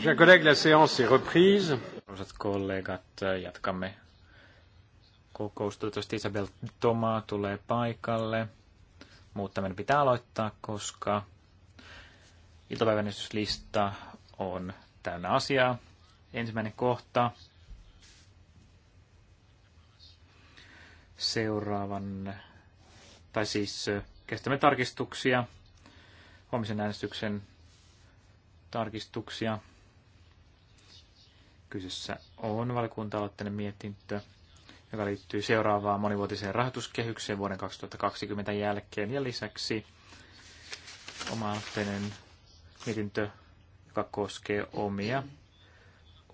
quello di la séance est reprise. Arvoisat kollegat, jatkamme kokousta. Toivottavasti Isabel Toma tulee paikalle. Muuttaminen pitää aloittaa, koska iltapäivän on täynnä asiaa. Ensimmäinen kohta. Seuraavan, tai siis kestämme tarkistuksia huomisen äänestyksen tarkistuksia. Kyseessä on valkunta-aloitteinen mietintö, joka liittyy seuraavaan monivuotiseen rahoituskehykseen vuoden 2020 jälkeen. Ja lisäksi oma-aloitteinen mietintö, joka koskee omia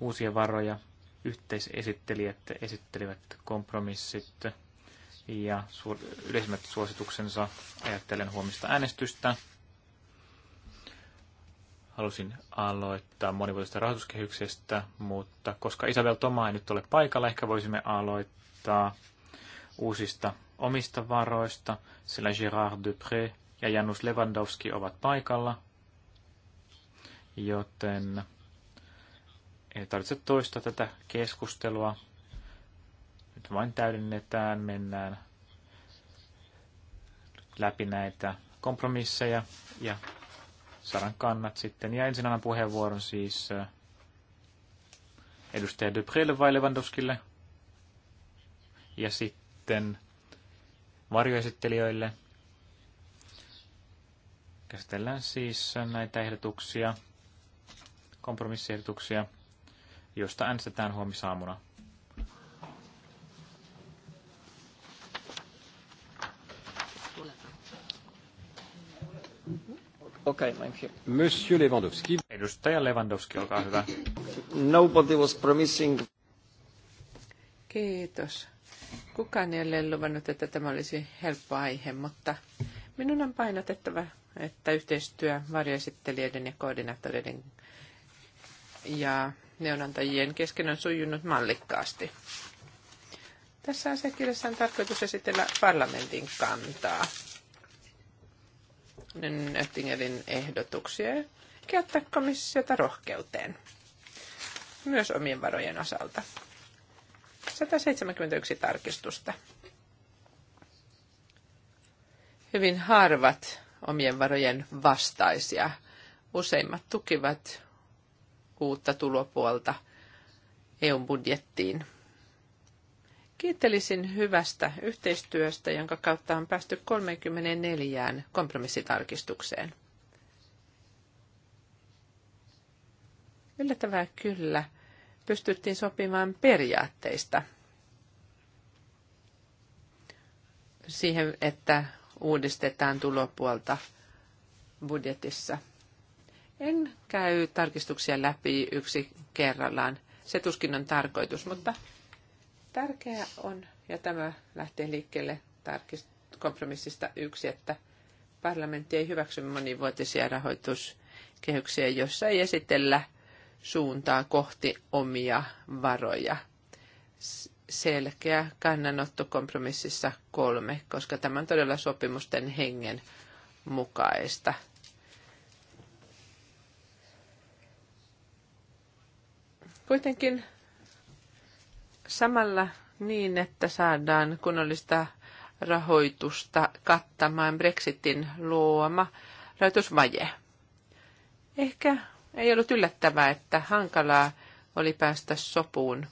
uusia varoja. Yhteisesittelijät esittelivät kompromissit ja yleisimmät suosituksensa ajattelen huomista äänestystä. Halusin aloittaa monivuotisesta rahoituskehyksestä, mutta koska Isabel Toma ei nyt ole paikalla, ehkä voisimme aloittaa uusista omista varoista, sillä Gérard Dupré ja Janus Lewandowski ovat paikalla, joten ei tarvitse toista tätä keskustelua. Nyt vain täydennetään, mennään läpi näitä kompromisseja ja Saran kannat sitten. Ja ensin annan puheenvuoron siis äh, edustaja Duprelle vai Lewandowskille. Ja sitten varjoesittelijöille. Käsitellään siis näitä ehdotuksia, kompromissiehdotuksia, joista äänestetään huomisaamuna. Okay, Monsieur Lewandowski. Edustaja Lewandowski, olkaa hyvä. Nobody was promising. Kiitos. Kukaan ei ole luvannut, että tämä olisi helppo aihe, mutta minun on painotettava, että yhteistyö varjoesittelijöiden ja koordinaattoreiden ja neuvonantajien kesken on sujunut mallikkaasti. Tässä asiakirjassa on tarkoitus esitellä parlamentin kantaa Nöttingerin niin ehdotuksia ja käyttää komissiota rohkeuteen, myös omien varojen osalta. 171 tarkistusta. Hyvin harvat omien varojen vastaisia. Useimmat tukivat uutta tulopuolta eu budjettiin Kiittelisin hyvästä yhteistyöstä, jonka kautta on päästy 34 kompromissitarkistukseen. Yllättävää kyllä, pystyttiin sopimaan periaatteista. Siihen, että uudistetaan tulopuolta budjetissa. En käy tarkistuksia läpi yksi kerrallaan. Se tuskin on tarkoitus, mutta Tärkeää on, ja tämä lähtee liikkeelle kompromissista yksi, että parlamentti ei hyväksy monivuotisia rahoituskehyksiä, jossa ei esitellä suuntaa kohti omia varoja. Selkeä kannanotto kompromississa kolme, koska tämä on todella sopimusten hengen mukaista. Kuitenkin Samalla niin, että saadaan kunnollista rahoitusta kattamaan Brexitin luoma rahoitusvaje. Ehkä ei ollut yllättävää, että hankalaa oli päästä sopuun.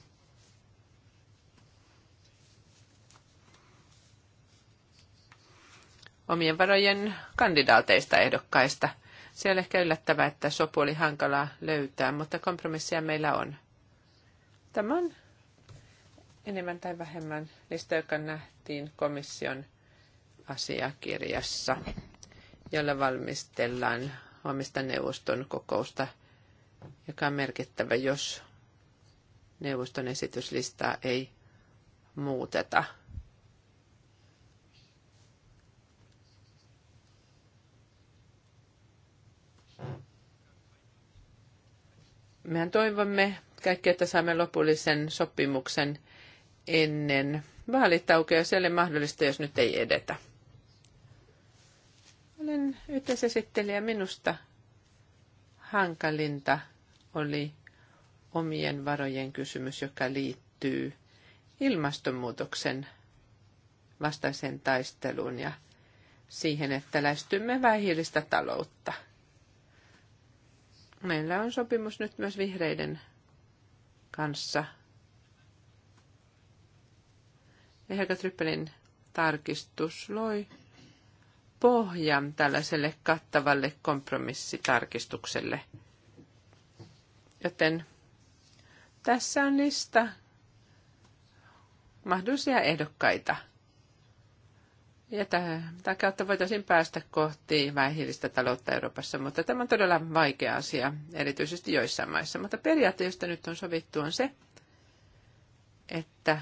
omien varojen kandidaateista ehdokkaista. Se on ehkä yllättävää, että sopu oli hankalaa löytää, mutta kompromissia meillä on. Tämä on enemmän tai vähemmän niistä joka nähtiin komission asiakirjassa, jolla valmistellaan huomista neuvoston kokousta, joka on merkittävä, jos neuvoston esityslistaa ei muuteta. Mehän toivomme kaikki, että saamme lopullisen sopimuksen – ennen vaalitaukoja, jos ei mahdollista, jos nyt ei edetä. Olen yhteisesittelijä. Minusta hankalinta oli omien varojen kysymys, joka liittyy ilmastonmuutoksen vastaiseen taisteluun ja siihen, että lähestymme vähihiilistä taloutta. Meillä on sopimus nyt myös vihreiden kanssa – Ja Helga Tryppelin tarkistus loi pohjan tällaiselle kattavalle kompromissitarkistukselle. Joten tässä on lista mahdollisia ehdokkaita. Ja tämä kautta voitaisiin päästä kohti vähähiilistä taloutta Euroopassa, mutta tämä on todella vaikea asia, erityisesti joissain maissa. Mutta periaate, josta nyt on sovittu, on se, että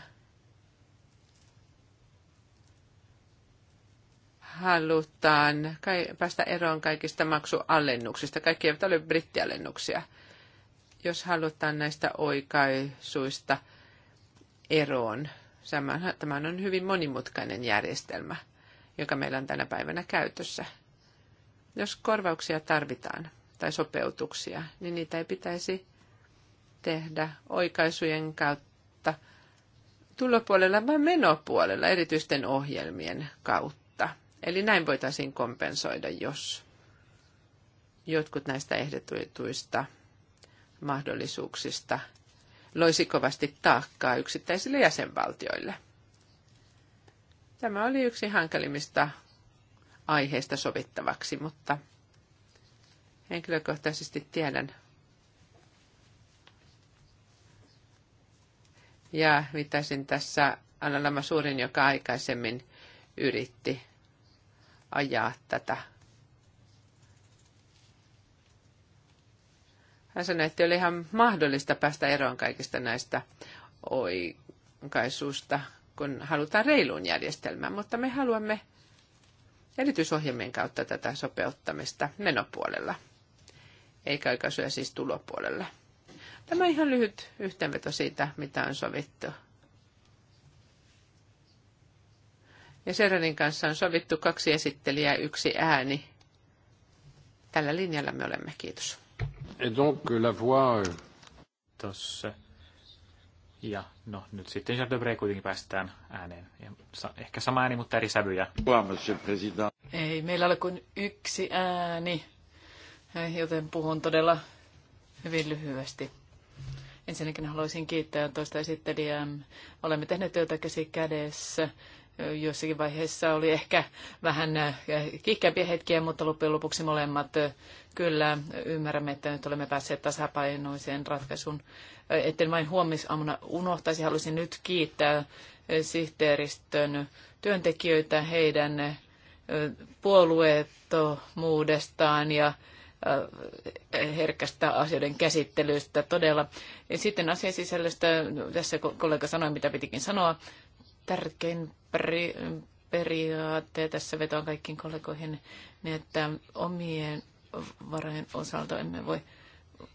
halutaan päästä eroon kaikista maksualennuksista. Kaikki eivät ole brittialennuksia. Jos halutaan näistä oikaisuista eroon, tämä on hyvin monimutkainen järjestelmä, joka meillä on tänä päivänä käytössä. Jos korvauksia tarvitaan tai sopeutuksia, niin niitä ei pitäisi tehdä oikaisujen kautta tulopuolella, vaan menopuolella, erityisten ohjelmien kautta Eli näin voitaisiin kompensoida, jos jotkut näistä ehdotetuista mahdollisuuksista loisi kovasti taakkaa yksittäisille jäsenvaltioille. Tämä oli yksi hankalimmista aiheista sovittavaksi, mutta henkilökohtaisesti tiedän ja viittaisin tässä Anna Lama Suurin, joka aikaisemmin yritti ajaa tätä. Hän sanoi, että oli ihan mahdollista päästä eroon kaikista näistä oikaisuista, kun halutaan reiluun järjestelmään, mutta me haluamme erityisohjelmien kautta tätä sopeuttamista menopuolella, eikä oikaisuja siis tulopuolella. Tämä on ihan lyhyt yhteenveto siitä, mitä on sovittu Ja Seranin kanssa on sovittu kaksi esittelijää, yksi ääni. Tällä linjalla me olemme. Kiitos. Et donc la voix... Euh, Tossa. Ja no nyt sitten Jean Debré kuitenkin päästään ääneen. Ja sa- ehkä sama ääni, mutta eri sävyjä. Ei, meillä ole kuin yksi ääni, joten puhun todella hyvin lyhyesti. Ensinnäkin haluaisin kiittää toista esittelijää. Olemme tehneet työtä käsi kädessä jossakin vaiheessa oli ehkä vähän äh, kikkäämpiä hetkiä, mutta loppujen lopuksi molemmat äh, kyllä ymmärrämme, että nyt olemme päässeet tasapainoiseen ratkaisuun. Äh, etten vain huomisaamuna unohtaisi, haluaisin nyt kiittää sihteeristön työntekijöitä heidän puolueettomuudestaan ja herkästä asioiden käsittelystä todella. Sitten asiasisällöstä, tässä kollega sanoi, mitä pitikin sanoa tärkein peri- periaate, tässä vetoan kaikkiin kollegoihin, niin että omien varojen osalta emme voi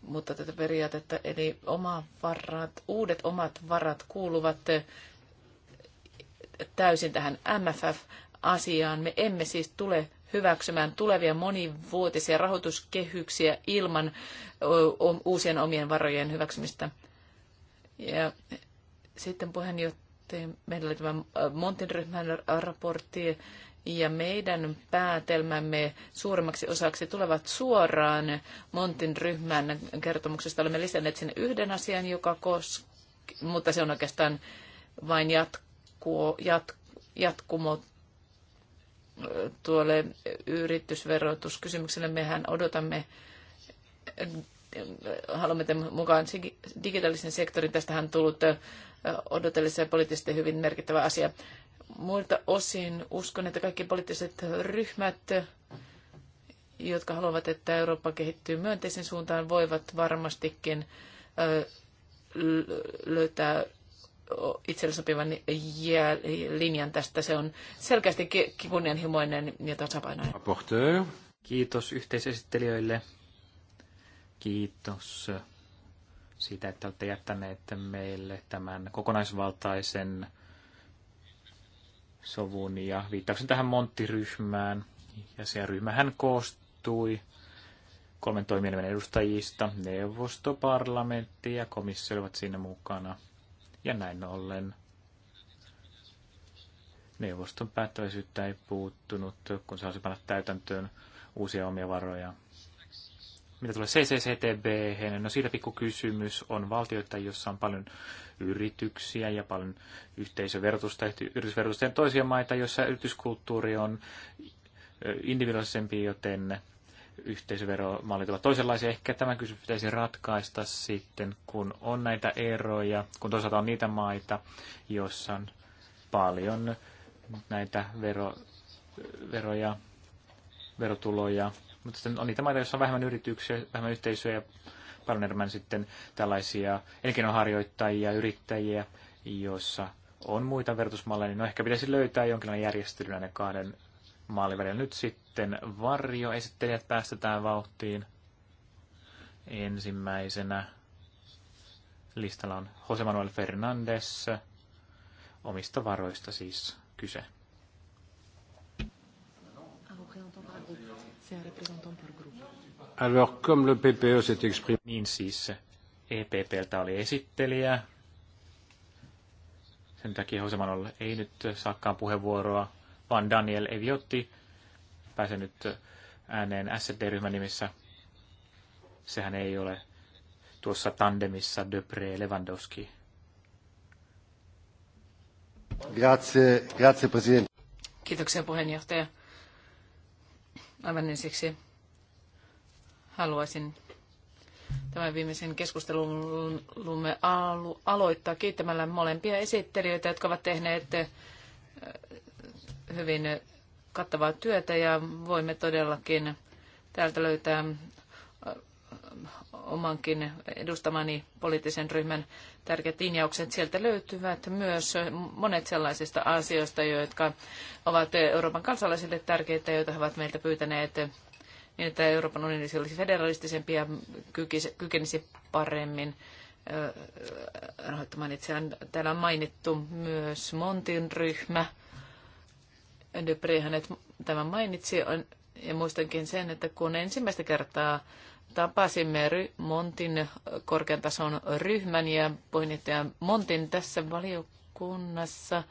mutta tätä periaatetta, eli oma varat, uudet omat varat kuuluvat täysin tähän MFF-asiaan. Me emme siis tule hyväksymään tulevia monivuotisia rahoituskehyksiä ilman uusien omien varojen hyväksymistä. Ja sitten puheenjohtaja raportti. Meillä oli tämä äh, Montin ryhmän raportti ja meidän päätelmämme suurimmaksi osaksi tulevat suoraan Montin ryhmän kertomuksesta. Olemme lisänneet sinne yhden asian, joka koski, mutta se on oikeastaan vain jatku, jat, jatkumo äh, tuolle yritysverotuskysymykselle. Mehän odotamme haluamme tämän mukaan digitaalisen sektorin. Tästähän on tullut odotellessa ja poliittisesti hyvin merkittävä asia. Muilta osin uskon, että kaikki poliittiset ryhmät, jotka haluavat, että Eurooppa kehittyy myönteisen suuntaan, voivat varmastikin löytää itselle sopivan linjan tästä. Se on selkeästi kunnianhimoinen ja tasapainoinen. Kiitos yhteisesittelijöille. Kiitos siitä, että olette jättäneet meille tämän kokonaisvaltaisen sovun ja viittauksen tähän monttiryhmään. Ja se ryhmähän koostui kolmen toimielimen edustajista, neuvosto, parlamentti ja komissio olivat siinä mukana. Ja näin ollen neuvoston päättäväisyyttä ei puuttunut, kun se panna täytäntöön uusia omia varoja mitä tulee CCCTB, no siitä pikku kysymys on valtioita, jossa on paljon yrityksiä ja paljon yhteisöverotusta, yritysverotusta ja toisia maita, joissa yrityskulttuuri on individuaalisempi, joten yhteisöveromallit ovat toisenlaisia. Ehkä tämä kysymys pitäisi ratkaista sitten, kun on näitä eroja, kun toisaalta on niitä maita, joissa on paljon näitä vero, veroja, verotuloja, mutta sitten on niitä maita, joissa on vähemmän yrityksiä, vähemmän yhteisöjä ja paljon enemmän sitten tällaisia elinkeinoharjoittajia, yrittäjiä, joissa on muita verotusmalleja, niin no ehkä pitäisi löytää jonkinlainen järjestely näiden kahden maalin välillä. Nyt sitten varjoesittelijät päästetään vauhtiin. Ensimmäisenä listalla on Jose Manuel Fernandes, omista varoista siis kyse. Alors, comme le PPE s'est exprimé... Niin siis EPPltä e oli esittelijä. Sen takia Hosemanolle ei nyt saakaan puheenvuoroa, vaan Daniel Eviotti pääsee nyt ääneen SD-ryhmän nimissä. Sehän ei ole tuossa tandemissa Döpre Lewandowski. Grazie, grazie presidente. Kiitoksia puheenjohtaja. Aivan ensiksi haluaisin tämän viimeisen keskustelumme aloittaa kiittämällä molempia esittelijöitä, jotka ovat tehneet eh, hyvin kattavaa työtä ja voimme todellakin täältä löytää eh, omankin edustamani poliittisen ryhmän tärkeät linjaukset. Sieltä löytyvät myös monet sellaisista asioista, jotka ovat Euroopan kansalaisille tärkeitä, joita he ovat meiltä pyytäneet niin, että Euroopan unioni olisi federalistisempi ja kykenisi paremmin rahoittamaan itseään. Täällä on mainittu myös Montin ryhmä. Dupré hänet tämän mainitsi, ja muistankin sen, että kun ensimmäistä kertaa Tapasimme Montin korkean tason ryhmän ja puheenjohtaja Montin tässä valiokunnassa.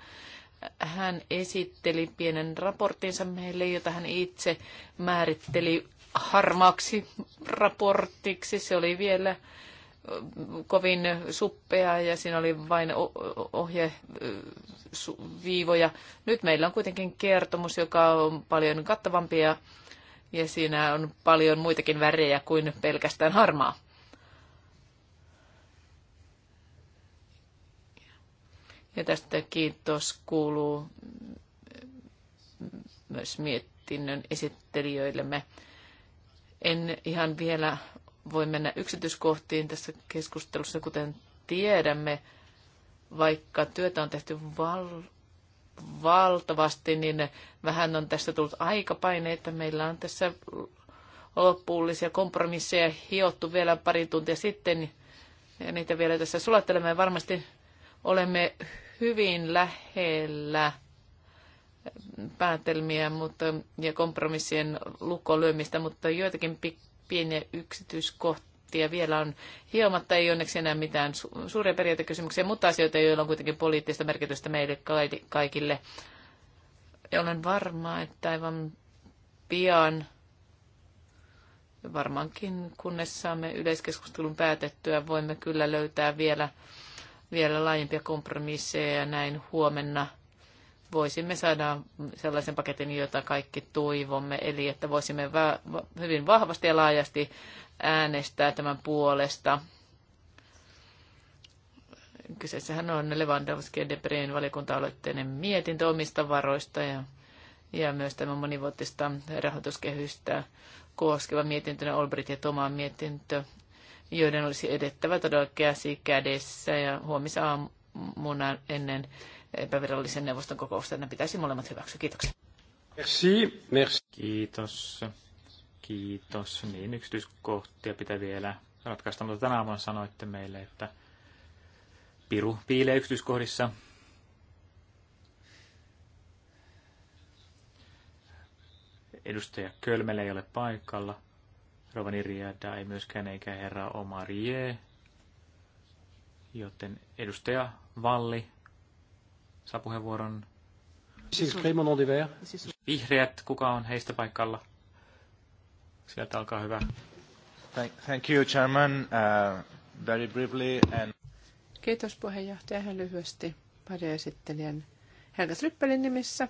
Hän esitteli pienen raporttinsa meille, jota hän itse määritteli harmaaksi raportiksi. Se oli vielä kovin suppea ja siinä oli vain ohjeviivoja. Nyt meillä on kuitenkin kertomus, joka on paljon kattavampi ja ja siinä on paljon muitakin värejä kuin pelkästään harmaa. Ja tästä kiitos kuuluu myös mietinnön esittelijöillemme. En ihan vielä voi mennä yksityiskohtiin tässä keskustelussa, kuten tiedämme, vaikka työtä on tehty val- valtavasti, niin vähän on tässä tullut että Meillä on tässä loppuullisia kompromisseja hiottu vielä pari tuntia sitten ja niitä vielä tässä sulattelemme. Varmasti olemme hyvin lähellä päätelmiä mutta, ja kompromissien lukkolyömistä, mutta joitakin pieniä yksityiskohtia pakettia vielä on hiomatta, ei onneksi enää mitään su- suuria periaatekysymyksiä, mutta asioita, joilla on kuitenkin poliittista merkitystä meille kaikille. Ja olen varma, että aivan pian, varmaankin kunnes saamme yleiskeskustelun päätettyä, voimme kyllä löytää vielä, vielä laajempia kompromisseja ja näin huomenna – voisimme saada sellaisen paketin, jota kaikki toivomme, eli että voisimme hyvin vahvasti ja laajasti äänestää tämän puolesta. Kyseessähän on Lewandowski ja Debreen valiokunta-aloitteinen mietintö omista varoista ja, ja myös tämä monivuotista rahoituskehystä koskeva mietintö, no Olbrit ja Tomaan mietintö, joiden olisi edettävä todella käsi kädessä ja huomisaamuna ennen epävirallisen neuvoston kokousta. Ne pitäisi molemmat hyväksyä. Kiitoksia. Merci. Merci. Kiitos. Kiitos. Niin, yksityiskohtia pitää vielä ratkaista, mutta tänä aamuna sanoitte meille, että piru piilee yksityiskohdissa. Edustaja Kölmele ei ole paikalla. Rovani Riada ei myöskään eikä herra Omarie. Joten edustaja Valli saa puheenvuoron. Siis Raymond Oliver. Vihreät, kuka on heistä paikalla? Sieltä alkaa hyvä. Thank, thank you, Chairman. Uh, very briefly and... Kiitos puheenjohtaja. Hän lyhyesti pari esittelijän Helga Trippelin nimissä.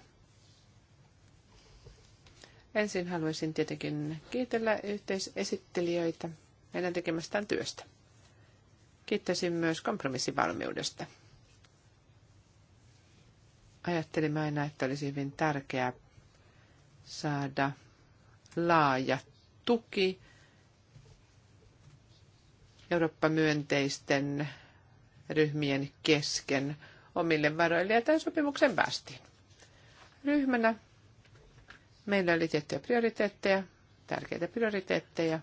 Ensin haluaisin tietenkin kiitellä yhteisesittelijöitä meidän tekemästään työstä. Kiittäisin myös kompromissivalmiudesta. Ajattelimme aina, että olisi hyvin tärkeää saada laaja tuki Eurooppa-myönteisten ryhmien kesken omille varoille ja tämän sopimuksen päästiin. Ryhmänä meillä oli tiettyjä prioriteetteja, tärkeitä prioriteetteja,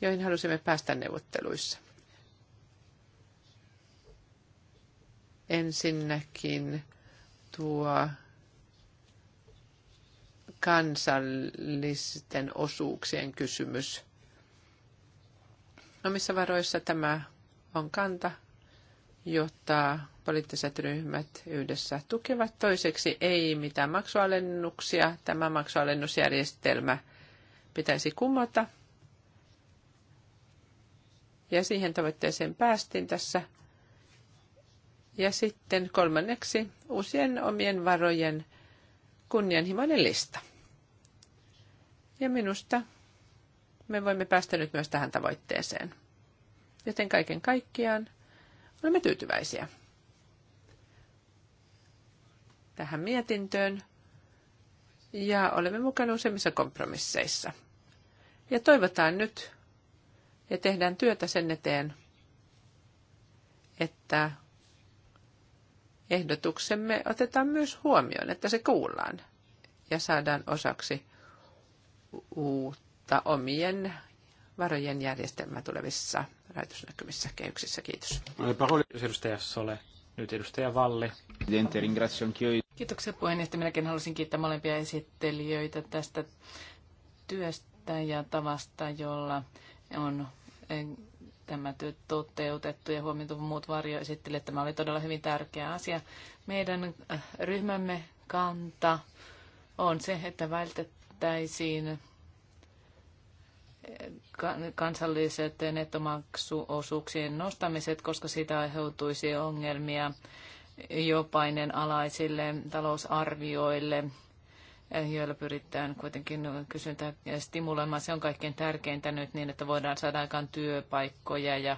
joihin halusimme päästä neuvotteluissa – Ensinnäkin tuo kansallisten osuuksien kysymys. Omissa no, varoissa tämä on kanta, jotta poliittiset ryhmät yhdessä tukevat. Toiseksi ei mitään maksualennuksia. Tämä maksualennusjärjestelmä pitäisi kumota. Ja siihen tavoitteeseen päästiin tässä ja sitten kolmanneksi uusien omien varojen kunnianhimoinen lista. Ja minusta me voimme päästä nyt myös tähän tavoitteeseen. Joten kaiken kaikkiaan olemme tyytyväisiä tähän mietintöön ja olemme mukana useimmissa kompromisseissa. Ja toivotaan nyt ja tehdään työtä sen eteen, että ehdotuksemme otetaan myös huomioon, että se kuullaan ja saadaan osaksi uutta omien varojen järjestelmää tulevissa rajoitusnäkymissä kehyksissä. Kiitos. edustaja Sole. Nyt edustaja Valle. Kiitoksia puheenjohtaja. Minäkin haluaisin kiittää molempia esittelijöitä tästä työstä ja tavasta, jolla on eh, tämä työ toteutettu ja huomioitu muut varjoesittelijät. Tämä oli todella hyvin tärkeä asia. Meidän äh, ryhmämme kanta on se, että vältettäisiin äh, kansalliset nettomaksuosuuksien nostamiset, koska siitä aiheutuisi ongelmia jopainen alaisille talousarvioille joilla pyritään kuitenkin kysyntää stimuloimaan. Se on kaikkein tärkeintä nyt niin, että voidaan saada aikaan työpaikkoja ja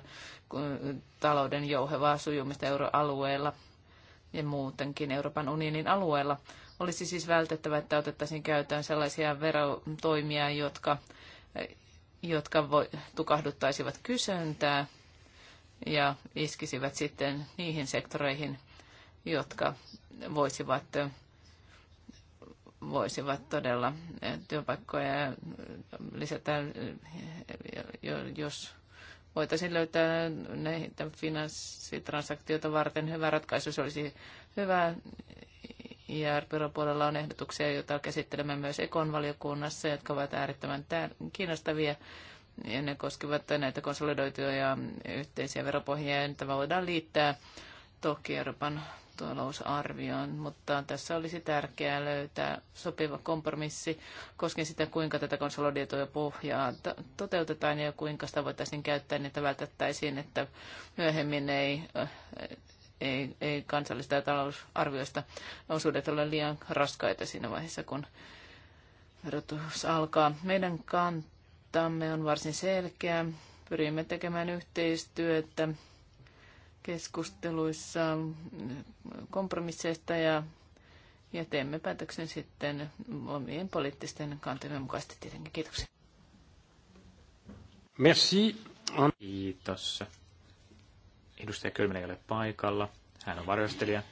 talouden jouhevaa sujumista euroalueella ja muutenkin Euroopan unionin alueella. Olisi siis vältettävä, että otettaisiin käytön sellaisia verotoimia, jotka, jotka voi, tukahduttaisivat kysyntää ja iskisivät sitten niihin sektoreihin, jotka voisivat voisivat todella eh, työpaikkoja eh, lisätä, eh, jos voitaisiin löytää näitä finanssitransaktioita varten hyvä ratkaisu. Se olisi hyvä. IR-puolella on ehdotuksia, joita käsittelemme myös Ekon valiokunnassa, jotka ovat äärettömän kiinnostavia. Ja ne koskevat näitä konsolidoituja ja yhteisiä veropohjia, joita voidaan liittää toki Euroopan talousarvioon, mutta tässä olisi tärkeää löytää sopiva kompromissi koskien sitä, kuinka tätä konsolidoitua pohjaa toteutetaan ja kuinka sitä voitaisiin käyttää, niin että vältettäisiin, että myöhemmin ei, eh, ei, ei kansallista talousarvioista osuudet ole liian raskaita siinä vaiheessa, kun verotus alkaa. Meidän kantamme on varsin selkeä. Pyrimme tekemään yhteistyötä keskusteluissa kompromisseista ja, ja teemme päätöksen sitten omien poliittisten kantojen mukaisesti tietenkin. Kiitoksia. Merci. Kiitos. Edustaja Kylminen ei ole paikalla. Hän on varjostelija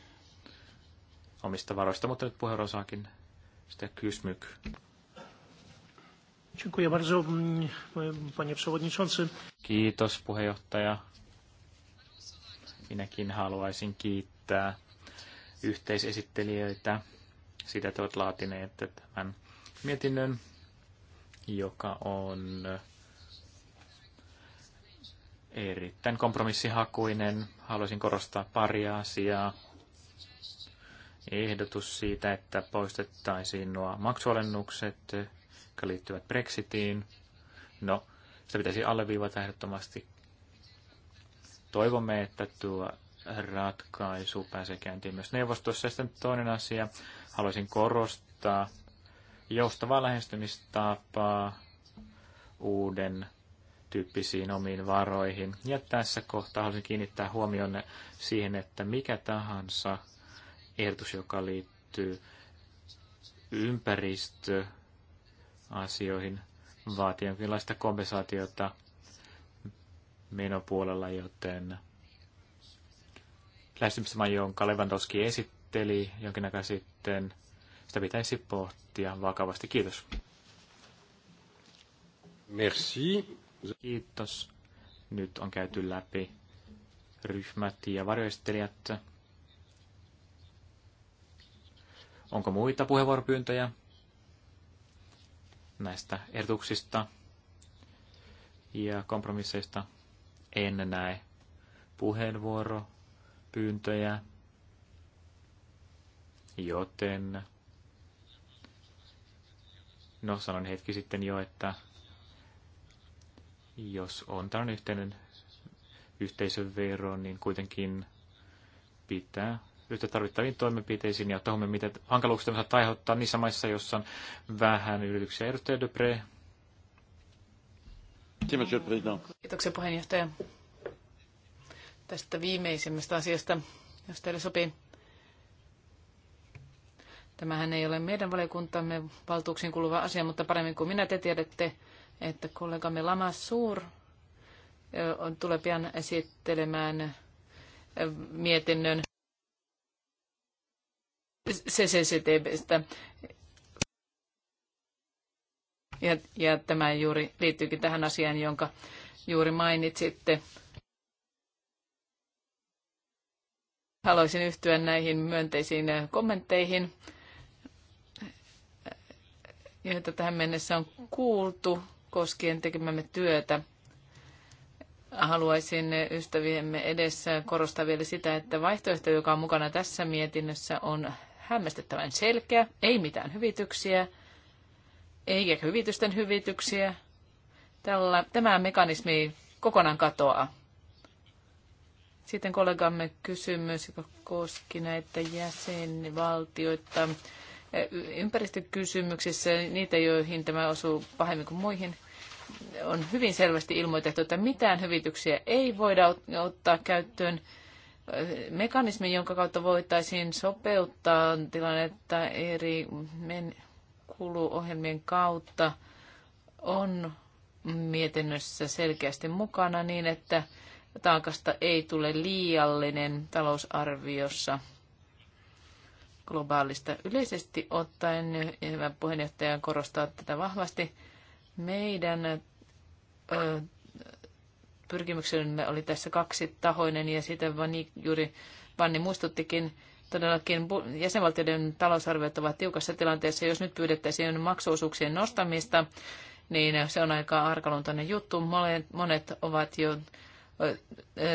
omista varoista, mutta nyt puheenvuoron saakin sitä kysmyk. Mm, Kiitos puheenjohtaja. Minäkin haluaisin kiittää yhteisesittelijöitä sitä, että olet laatineet tämän mietinnön, joka on erittäin kompromissihakuinen. Haluaisin korostaa paria asiaa. Ehdotus siitä, että poistettaisiin nuo maksualennukset, jotka liittyvät Brexitiin. No, sitä pitäisi alleviivata ehdottomasti, Toivomme, että tuo ratkaisu pääsee käyntiin myös neuvostossa. Ja sitten toinen asia, haluaisin korostaa joustavaa lähestymistapaa uuden tyyppisiin omiin varoihin. Ja tässä kohtaa haluaisin kiinnittää huomioon siihen, että mikä tahansa ehdotus, joka liittyy ympäristöasioihin, vaatii jonkinlaista kompensaatiota menopuolella, joten lähestymistapa, jonka Lewandowski esitteli jonkin aikaa sitten, sitä pitäisi pohtia vakavasti. Kiitos. Merci. Kiitos. Nyt on käyty läpi ryhmät ja varjoistelijat. Onko muita puheenvuoropyyntöjä näistä ehdotuksista ja kompromisseista? en näe puheenvuoro pyyntöjä, joten no sanoin hetki sitten jo, että jos on tällainen yhteinen yhteisövero, niin kuitenkin pitää yhtä tarvittaviin toimenpiteisiin ja ottaa huomioon, mitä hankaluuksia tämä saattaa aiheuttaa niissä maissa, joissa on vähän yrityksiä. Edustaja Depre Merci, monsieur le président. Kiitoksia puheenjohtaja tästä viimeisimmästä asiasta, jos teille sopii. Tämähän ei ole meidän valiokuntamme valtuuksiin kuuluva asia, mutta paremmin kuin minä te tiedätte, että kollegamme Lama Suur on, tulee pian esittelemään mietinnön CCCTBstä. Ja, ja tämä juuri liittyykin tähän asiaan, jonka juuri mainitsitte. Haluaisin yhtyä näihin myönteisiin kommentteihin, joita tähän mennessä on kuultu koskien tekemämme työtä haluaisin ystäviemme edessä korostaa vielä sitä, että vaihtoehto, joka on mukana tässä mietinnössä, on hämmästyttävän selkeä, ei mitään hyvityksiä, eikä hyvitysten hyvityksiä. Tällä, tämä mekanismi kokonaan katoaa. Sitten kollegamme kysymys, joka koski näitä jäsenvaltioita e, ympäristökysymyksissä, niitä joihin tämä osuu pahemmin kuin muihin, on hyvin selvästi ilmoitettu, että mitään hyvityksiä ei voida ottaa käyttöön. E, mekanismi, jonka kautta voitaisiin sopeuttaa tilannetta eri kuluohjelmien kautta on mietinnössä selkeästi mukana niin, että taakasta ei tule liiallinen talousarviossa globaalista. Yleisesti ottaen, hyvä puheenjohtaja korostaa tätä vahvasti, meidän ö, pyrkimyksemme oli tässä kaksitahoinen ja siitä Vani, juuri Vanni muistuttikin, todellakin jäsenvaltioiden talousarviot ovat tiukassa tilanteessa. Jos nyt pyydettäisiin maksuosuuksien nostamista, niin se on aika arkaluontoinen juttu. Monet ovat jo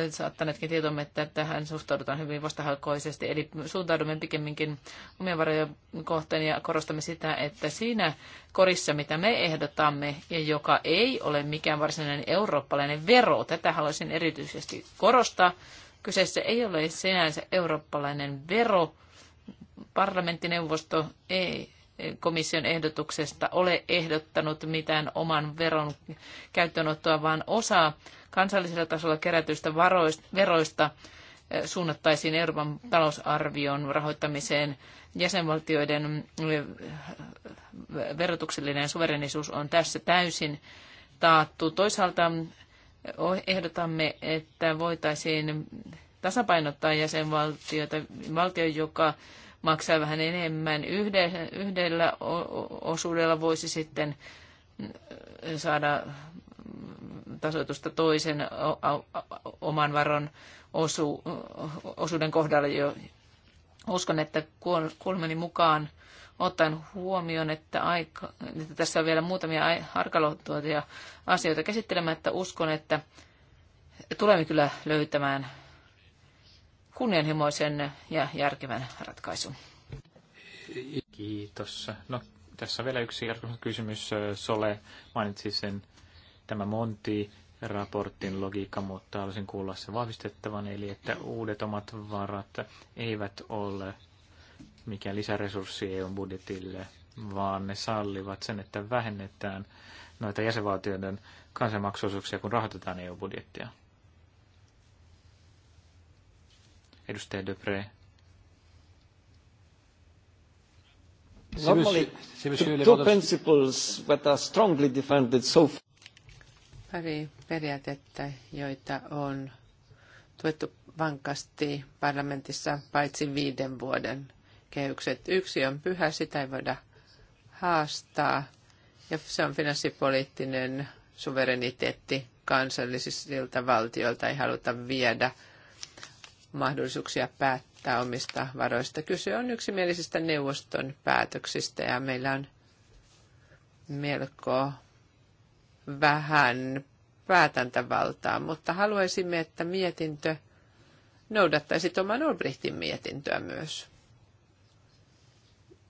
saattaneetkin tietomme, että tähän suhtaudutaan hyvin vastahalkoisesti. Eli suuntaudumme pikemminkin omien varojen kohteen ja korostamme sitä, että siinä korissa, mitä me ehdotamme ja joka ei ole mikään varsinainen eurooppalainen vero, tätä haluaisin erityisesti korostaa, Kyseessä ei ole sinänsä eurooppalainen vero. Parlamenttineuvosto ei komission ehdotuksesta ole ehdottanut mitään oman veron käyttöönottoa, vaan osa kansallisella tasolla kerätyistä varoista, veroista eh, suunnattaisiin Euroopan talousarvion rahoittamiseen. Jäsenvaltioiden eh, verotuksellinen suverenisuus on tässä täysin taattu. Toisaalta ehdotamme, että voitaisiin tasapainottaa jäsenvaltiota, valtio, joka maksaa vähän enemmän yhdellä osuudella, voisi sitten saada tasoitusta toisen oman varon osuuden kohdalla jo. Uskon, että kuulmani mukaan ottaen huomioon, että, aika, että tässä on vielä muutamia arkaluontoisia asioita käsittelemättä. Uskon, että tulemme kyllä löytämään kunnianhimoisen ja järkevän ratkaisun. Kiitos. No, tässä on vielä yksi kysymys. Sole mainitsi sen tämä Monti raportin logiikka, mutta haluaisin kuulla se vahvistettavan, eli että uudet omat varat eivät ole mikään lisäresurssi EUn budjetille, vaan ne sallivat sen, että vähennetään noita jäsenvaltioiden kansanmaksuosuuksia, kun rahoitetaan EU-budjettia. Edustaja Depre. Normally, two principles that are strongly defended so far. Pari periaatetta, joita on tuettu vankasti parlamentissa paitsi viiden vuoden kehykset. Yksi on pyhä, sitä ei voida haastaa. Ja se on finanssipoliittinen suvereniteetti kansallisilta valtioilta. Ei haluta viedä mahdollisuuksia päättää omista varoista. Kyse on yksimielisistä neuvoston päätöksistä ja meillä on melko vähän päätäntävaltaa, mutta haluaisimme, että mietintö noudattaisi Toman Olbrichtin mietintöä myös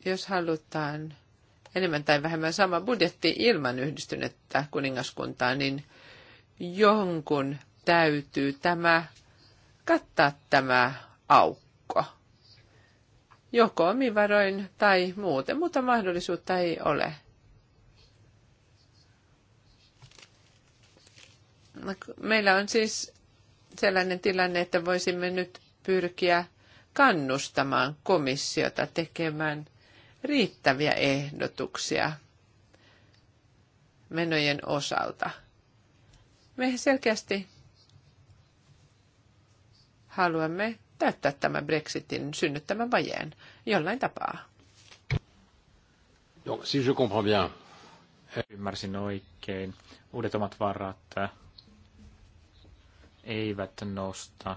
jos halutaan enemmän tai vähemmän sama budjetti ilman yhdistynyttä kuningaskuntaa, niin jonkun täytyy tämä kattaa tämä aukko. Joko omin varoin tai muuten, mutta mahdollisuutta ei ole. Meillä on siis sellainen tilanne, että voisimme nyt pyrkiä kannustamaan komissiota tekemään – riittäviä ehdotuksia menojen osalta. Me selkeästi haluamme täyttää tämän Brexitin synnyttämän vajeen jollain tapaa. Donc, si je comprends bien. Eh, Ymmärsin oikein. Uudet omat varat eh, eivät nosta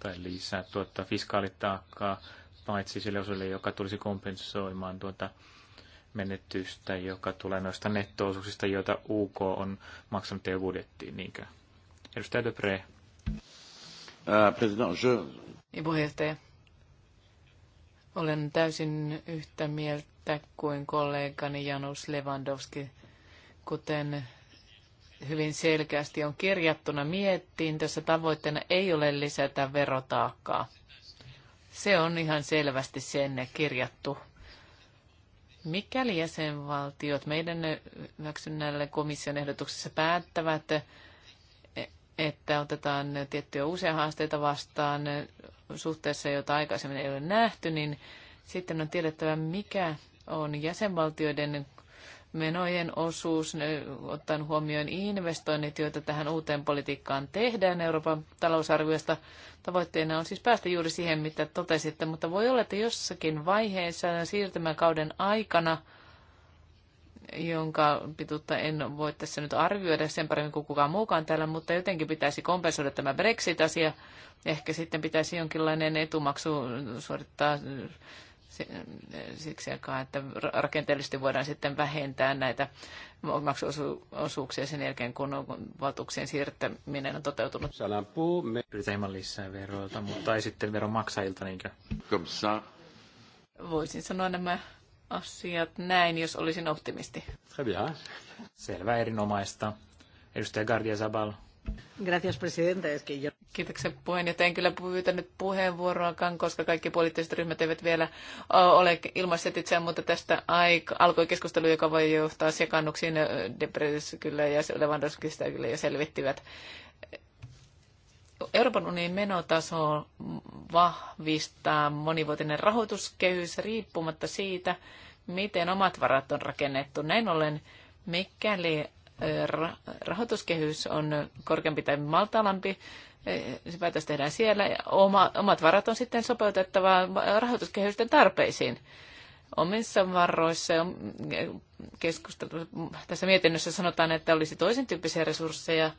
tai lisää tuottaa fiskaalitaakkaa paitsi sille osalle, joka tulisi kompensoimaan tuota menetystä, joka tulee noista nettoosuuksista, joita UK on maksanut teidän budjettiin niinkö? Edustaja Depré. Äh, president, je... Niin, puheenjohtaja. Olen täysin yhtä mieltä kuin kollegani Janus Lewandowski, kuten hyvin selkeästi on kirjattuna miettiin, tässä tavoitteena ei ole lisätä verotaakkaa. Se on ihan selvästi sen kirjattu. Mikäli jäsenvaltiot meidän hyväksynnälle komission ehdotuksessa päättävät, että otetaan tiettyjä uusia haasteita vastaan suhteessa, jota aikaisemmin ei ole nähty, niin sitten on tiedettävä, mikä on jäsenvaltioiden menojen osuus, ottaen huomioon investoinnit, joita tähän uuteen politiikkaan tehdään Euroopan talousarviosta. Tavoitteena on siis päästä juuri siihen, mitä totesitte, mutta voi olla, että jossakin vaiheessa siirtymäkauden aikana, jonka pituutta en voi tässä nyt arvioida sen paremmin kuin kukaan muukaan täällä, mutta jotenkin pitäisi kompensoida tämä Brexit-asia. Ehkä sitten pitäisi jonkinlainen etumaksu suorittaa siksi aikaa, että rakenteellisesti voidaan sitten vähentää näitä maksuosuuksia sen jälkeen, kun valtuuksien siirtäminen on toteutunut. Pyritään hieman lisää veroilta, mutta ei sitten veronmaksajilta niinkö? Voisin sanoa nämä asiat näin, jos olisin optimisti. Selvä, erinomaista. Edustaja Gardia Zabal. Gracias, presidente. Es que yo... Kiitoksia puheenjohtaja. En kyllä pyytänyt puheenvuoroakaan, koska kaikki poliittiset ryhmät eivät vielä ole ilmaiset itseään, mutta tästä aika, alkoi keskustelu, joka voi johtaa sekannuksiin. Debrez kyllä ja Lewandowski sitä kyllä jo selvittivät. Euroopan unionin menotaso vahvistaa monivuotinen rahoituskehys riippumatta siitä, miten omat varat on rakennettu. Näin ollen, mikäli rahoituskehys on korkeampi tai maltalampi, se päätös tehdään siellä. Ja oma, omat varat on sitten sopeutettava rahoituskehysten tarpeisiin. Omissa varoissa keskusteltu, tässä mietinnössä sanotaan, että olisi toisen tyyppisiä resursseja,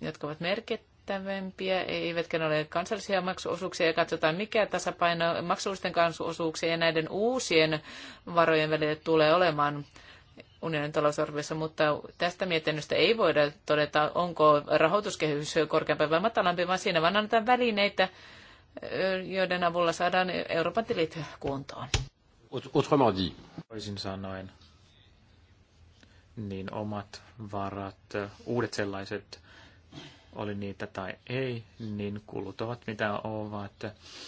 jotka ovat merkittävämpiä, eivätkä ne ole kansallisia maksuosuuksia, ja katsotaan mikä tasapaino maksullisten kansuosuuksien ja näiden uusien varojen välille tulee olemaan unionin talousarviossa, mutta tästä mietinnöstä ei voida todeta, onko rahoituskehys korkeampi vai matalampi, vaan siinä vaan annetaan välineitä, joiden avulla saadaan Euroopan tilit kuntoon. Autrement dit. Toisin sanoen, niin omat varat, uudet sellaiset, oli niitä tai ei, niin kulut ovat mitä ovat.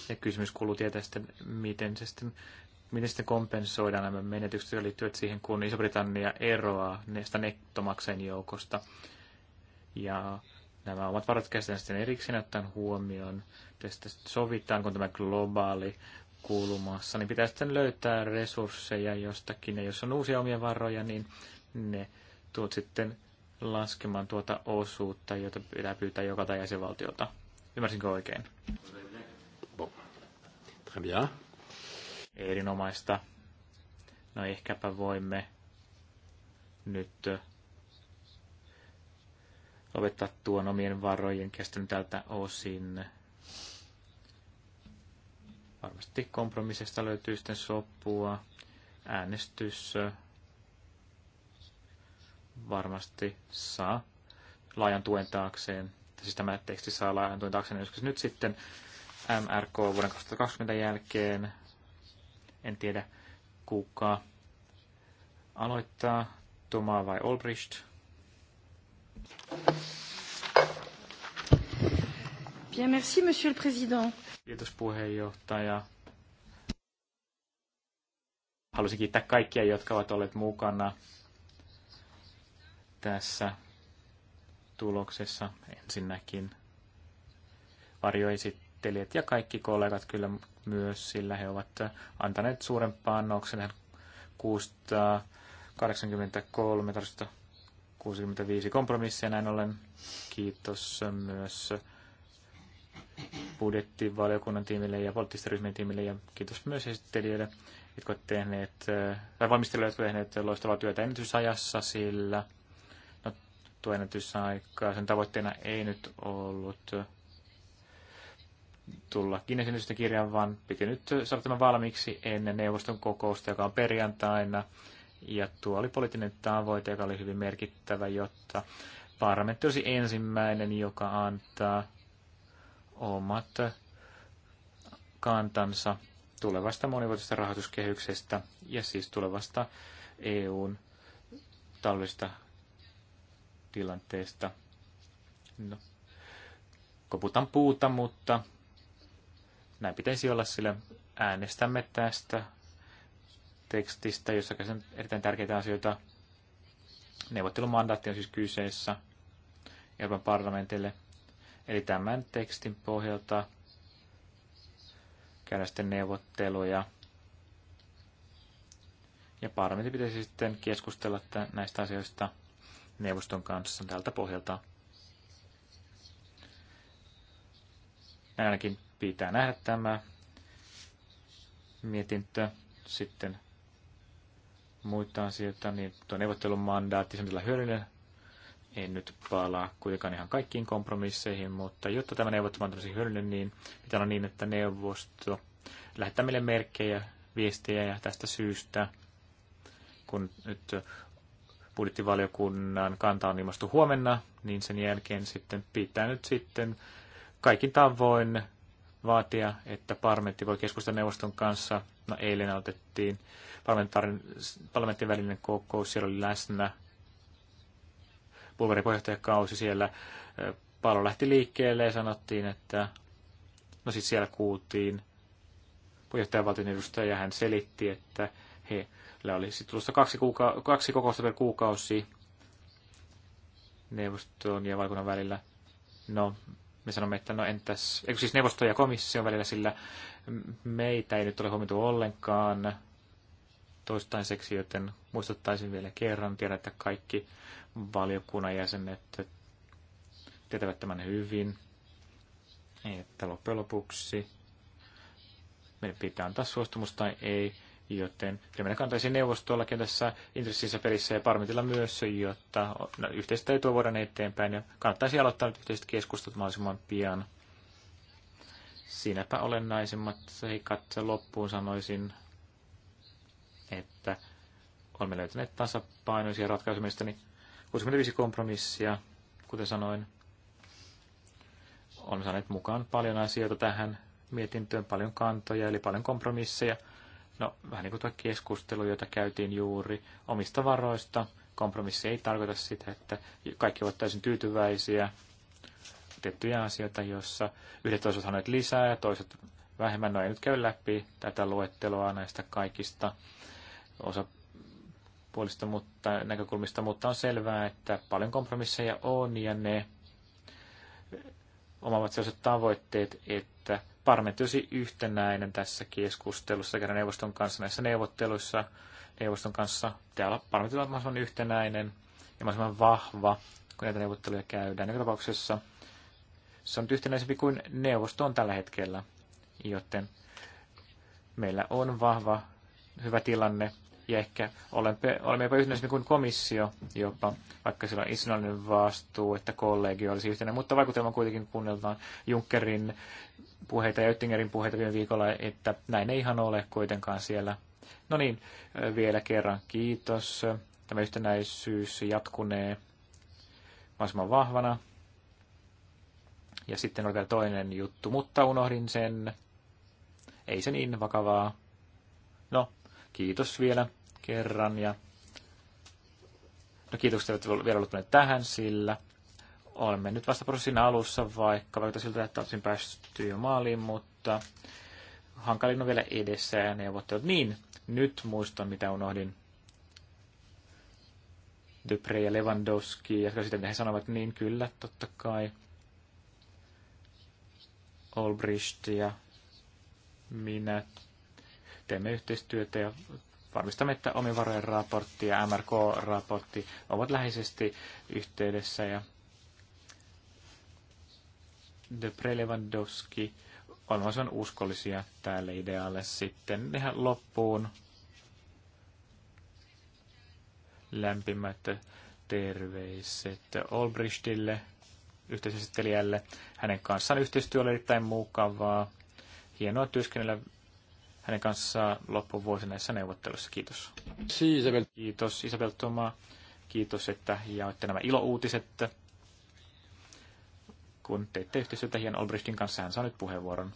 Ja kysymys kuuluu tietää sitten, miten se sitten Miten sitten kompensoidaan nämä menetykset, jotka liittyvät siihen, kun Iso-Britannia eroaa näistä nettomaksen joukosta? Ja nämä omat varat käsitellään sitten erikseen ottaen huomioon. Tästä sovitaan, kun tämä globaali kulmassa, niin pitää sitten löytää resursseja jostakin. Ja jos on uusia omia varoja, niin ne tuot sitten laskemaan tuota osuutta, jota pitää pyytää joka tai jäsenvaltiolta. Ymmärsinkö oikein? Bon. Très bien erinomaista. No ehkäpä voimme nyt lopettaa tuon omien varojen käsittelyn tältä osin. Varmasti kompromissista löytyy sitten sopua. Äänestys varmasti saa laajan tuen taakseen. Siis tämä teksti saa laajan tuen taakseen nyt sitten MRK vuoden 2020 jälkeen en tiedä, kuka aloittaa, Tomaa vai Olbricht. Bien, merci, monsieur le président. Kiitos puheenjohtaja. Haluaisin kiittää kaikkia, jotka ovat olleet mukana tässä tuloksessa ensinnäkin varjoisit esittelijät ja kaikki kollegat kyllä myös, sillä he ovat antaneet suuren panoksen 683 65 kompromissia näin ollen. Kiitos myös budjettivaliokunnan tiimille ja poliittisten ryhmien tiimille ja kiitos myös esittelijöille, jotka ovat tehneet, tai valmistelijoille, jotka ovat tehneet loistavaa työtä ennätysajassa, sillä no, tuo ennätysaika, sen tavoitteena ei nyt ollut tulla kinesinistä kirjan, vaan piti nyt saada tämä valmiiksi ennen neuvoston kokousta, joka on perjantaina. Ja tuo oli poliittinen tavoite, joka oli hyvin merkittävä, jotta parlamentti olisi ensimmäinen, joka antaa omat kantansa tulevasta monivuotisesta rahoituskehyksestä ja siis tulevasta EUn taloudellisesta tilanteesta. No, koputan puuta, mutta näin pitäisi olla, sillä äänestämme tästä tekstistä, jossa on erittäin tärkeitä asioita. Neuvottelumandaatti on siis kyseessä Euroopan parlamentille. Eli tämän tekstin pohjalta käydään sitten neuvotteluja. Ja parlamentti pitäisi sitten keskustella näistä asioista neuvoston kanssa tältä pohjalta. Näin ainakin pitää nähdä tämä mietintö. Sitten muita asioita, niin tuo neuvottelun mandaatti, se on hyödyllinen. En nyt palaa kuitenkaan ihan kaikkiin kompromisseihin, mutta jotta tämä neuvottelu on tosi hyödyllinen, niin pitää olla niin, että neuvosto lähettää meille merkkejä, viestejä ja tästä syystä, kun nyt budjettivaliokunnan kanta on ilmastu huomenna, niin sen jälkeen sitten pitää nyt sitten kaikin tavoin vaatia, että parlamentti voi keskustella neuvoston kanssa. No eilen otettiin parlamentin välinen kokous, siellä oli läsnä Bulgarin puheenjohtajakausi siellä. palo lähti liikkeelle ja sanottiin, että no sitten siellä kuultiin puheenjohtajavaltion edustaja ja hän selitti, että heillä oli sitten tulossa kaksi, kuuka- kaksi kokousta per kuukausi neuvoston ja valkunnan välillä. No, me sanomme, että no entäs, eikö siis neuvosto ja komissio välillä, sillä meitä ei nyt ole huomioitu ollenkaan toistaiseksi, joten muistuttaisin vielä kerran. Tiedän, että kaikki valiokunnan jäsenet tietävät tämän hyvin. Että loppujen lopuksi meidän pitää antaa suostumus tai ei Joten kyllä kantaisi kantaisin neuvostollakin tässä intressissä perissä ja parmitilla myös, jotta no, yhteistä tuo voidaan eteenpäin. Ja kannattaisi aloittaa nyt yhteiset keskustelut mahdollisimman pian. Siinäpä olennaisimmat seikat loppuun sanoisin, että olemme löytäneet tasapainoisia ratkaisuja niin 65 kompromissia, kuten sanoin. Olemme saaneet mukaan paljon asioita tähän mietintöön, paljon kantoja, eli paljon kompromisseja – No, vähän niin kuin tuo keskustelu, jota käytiin juuri omista varoista. Kompromissi ei tarkoita sitä, että kaikki ovat täysin tyytyväisiä. Tiettyjä asioita, joissa yhdet olisivat sanoneet lisää ja toiset vähemmän. No ei nyt käy läpi tätä luetteloa näistä kaikista osapuolista mutta, näkökulmista, mutta on selvää, että paljon kompromisseja on ja ne omavat sellaiset tavoitteet, että parlamentti olisi yhtenäinen tässä keskustelussa sekä neuvoston kanssa näissä neuvotteluissa. Neuvoston kanssa pitää olla parlamentti mahdollisimman yhtenäinen ja mahdollisimman vahva, kun näitä neuvotteluja käydään. Joka tapauksessa se on yhtenäisempi kuin neuvosto on tällä hetkellä, joten meillä on vahva, hyvä tilanne ja ehkä olemme, olemme jopa yhtenäisempi kuin komissio jopa, vaikka sillä on itsenäinen vastuu, että kollegio olisi yhtenäinen, mutta vaikutelma kuitenkin kuunneltaan Junckerin puheita ja Oettingerin puheita viime viikolla, että näin ei ihan ole kuitenkaan siellä. No niin, vielä kerran kiitos. Tämä yhtenäisyys jatkunee mahdollisimman vahvana. Ja sitten oli vielä toinen juttu, mutta unohdin sen. Ei se niin vakavaa. No, kiitos vielä kerran ja no kiitos että vielä olleet tähän, sillä Olemme nyt vasta prosessin alussa, vaikka vaikuttaa siltä, että olisin päästy jo maaliin, mutta hankalin on vielä edessä ja neuvottelut. Niin, nyt muistan, mitä unohdin. Dupre ja Lewandowski ja sitten he sanovat, niin kyllä, totta kai. Olbricht ja minä teemme yhteistyötä ja varmistamme, että omivarojen raportti ja MRK-raportti ovat läheisesti yhteydessä ja De Prelevandowski on uskollisia tälle idealle sitten ihan loppuun. Lämpimät terveiset Olbrichtille, yhteisesittelijälle. Hänen kanssaan yhteistyö oli erittäin mukavaa. Hienoa työskennellä hänen kanssaan loppuvuosi näissä neuvotteluissa. Kiitos. Siis Kiitos Isabel Toma. Kiitos, että jaoitte nämä ilouutiset kun teette yhteistyötä Jan Olbrichtin kanssa. Hän saa nyt puheenvuoron.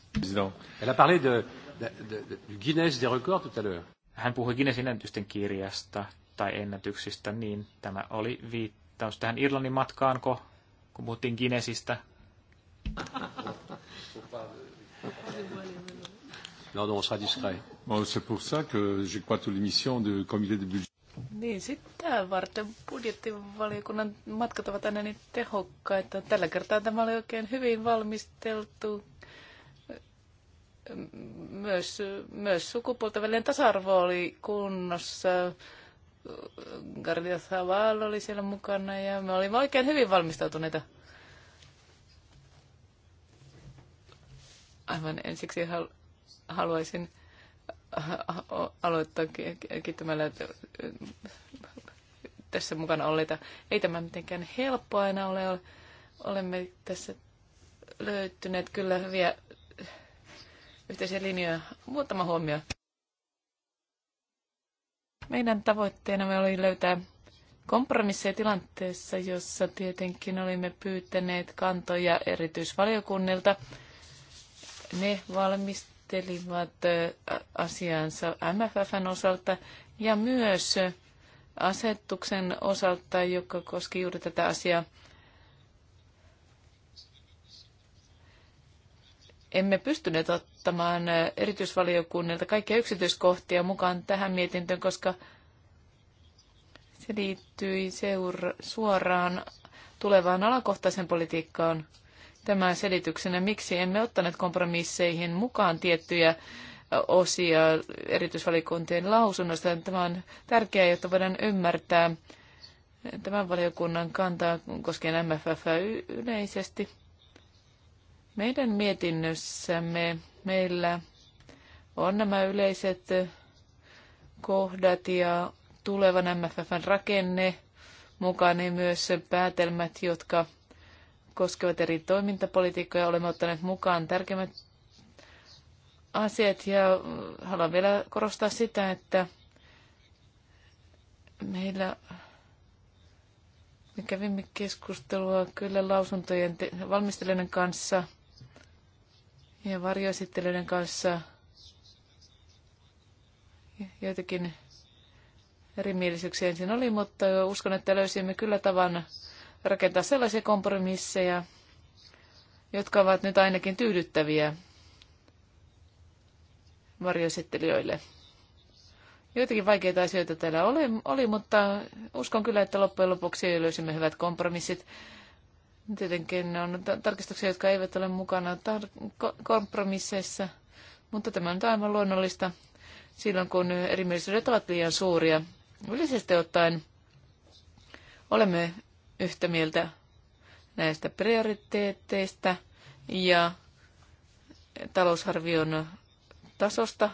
Hän puhui Guinnessin ennätysten kirjasta tai ennätyksistä, niin tämä oli viittaus tähän Irlannin matkaanko, kun puhuttiin Guinnessistä. Non, non, on sera discret. Bon, c'est pour ça que j'ai crois toute l'émission du comité de budget. Niin, sitä varten budjettivaliokunnan matkat ovat aina niin tehokkaita. Tällä kertaa tämä oli oikein hyvin valmisteltu. Myös, myös sukupuolten välinen tasa-arvo oli kunnossa. Gardia Zavala oli siellä mukana ja me olimme oikein hyvin valmistautuneita. Aivan ensiksi haluaisin aloittaa kiittämällä äh, tässä mukana olleita. Ei tämä mitenkään helppo aina ole. Olemme tässä löytyneet kyllä hyviä äh, yhteisiä linjoja. Muutama huomio. Meidän me oli löytää kompromisseja tilanteessa, jossa tietenkin olimme pyytäneet kantoja erityisvaliokunnilta. Ne valmistuivat valmistelivat asiansa MFFn osalta ja myös asetuksen osalta, joka koski juuri tätä asiaa. Emme pystyneet ottamaan erityisvaliokunnilta kaikkia yksityiskohtia mukaan tähän mietintöön, koska se liittyi seura- suoraan tulevaan alakohtaisen politiikkaan tämän selityksenä, miksi emme ottaneet kompromisseihin mukaan tiettyjä osia erityisvalikuntien lausunnosta. Tämä on tärkeää, jotta voidaan ymmärtää tämän valiokunnan kantaa koskien MFF yleisesti. Meidän mietinnössämme meillä on nämä yleiset kohdat ja tulevan MFFn rakenne mukaan myös päätelmät, jotka koskevat eri toimintapolitiikkoja. Olemme ottaneet mukaan tärkeimmät asiat ja haluan vielä korostaa sitä, että meillä me kävimme keskustelua kyllä lausuntojen te- valmistelijoiden kanssa ja varjoesittelijöiden kanssa joitakin erimielisyyksiä ensin oli, mutta uskon, että löysimme kyllä tavan rakentaa sellaisia kompromisseja, jotka ovat nyt ainakin tyydyttäviä varjoesittelijöille. Joitakin vaikeita asioita täällä oli, oli, mutta uskon kyllä, että loppujen lopuksi löysimme hyvät kompromissit. Tietenkin on tarkistuksia, jotka eivät ole mukana tar- kompromisseissa, mutta tämä on aivan luonnollista silloin, kun erimielisyydet ovat liian suuria. Yleisesti ottaen olemme yhtä mieltä näistä prioriteetteista ja talousarvion tasosta.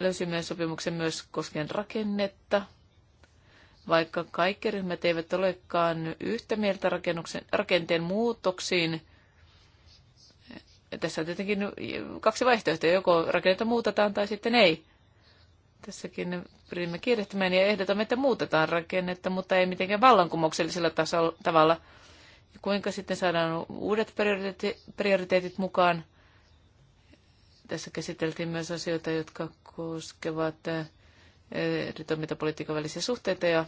Löysimme sopimuksen myös koskien rakennetta. Vaikka kaikki ryhmät eivät olekaan yhtä mieltä rakenteen muutoksiin, tässä on tietenkin kaksi vaihtoehtoa, joko rakennetta muutetaan tai sitten ei. Tässäkin pyrimme kiirehtimään ja ehdotamme, että muutetaan rakennetta, mutta ei mitenkään vallankumouksellisella tasolla, tavalla. Ja kuinka sitten saadaan uudet prioriteetit, prioriteetit mukaan? Tässä käsiteltiin myös asioita, jotka koskevat eh, eri toimintapolitiikan välisiä suhteita ja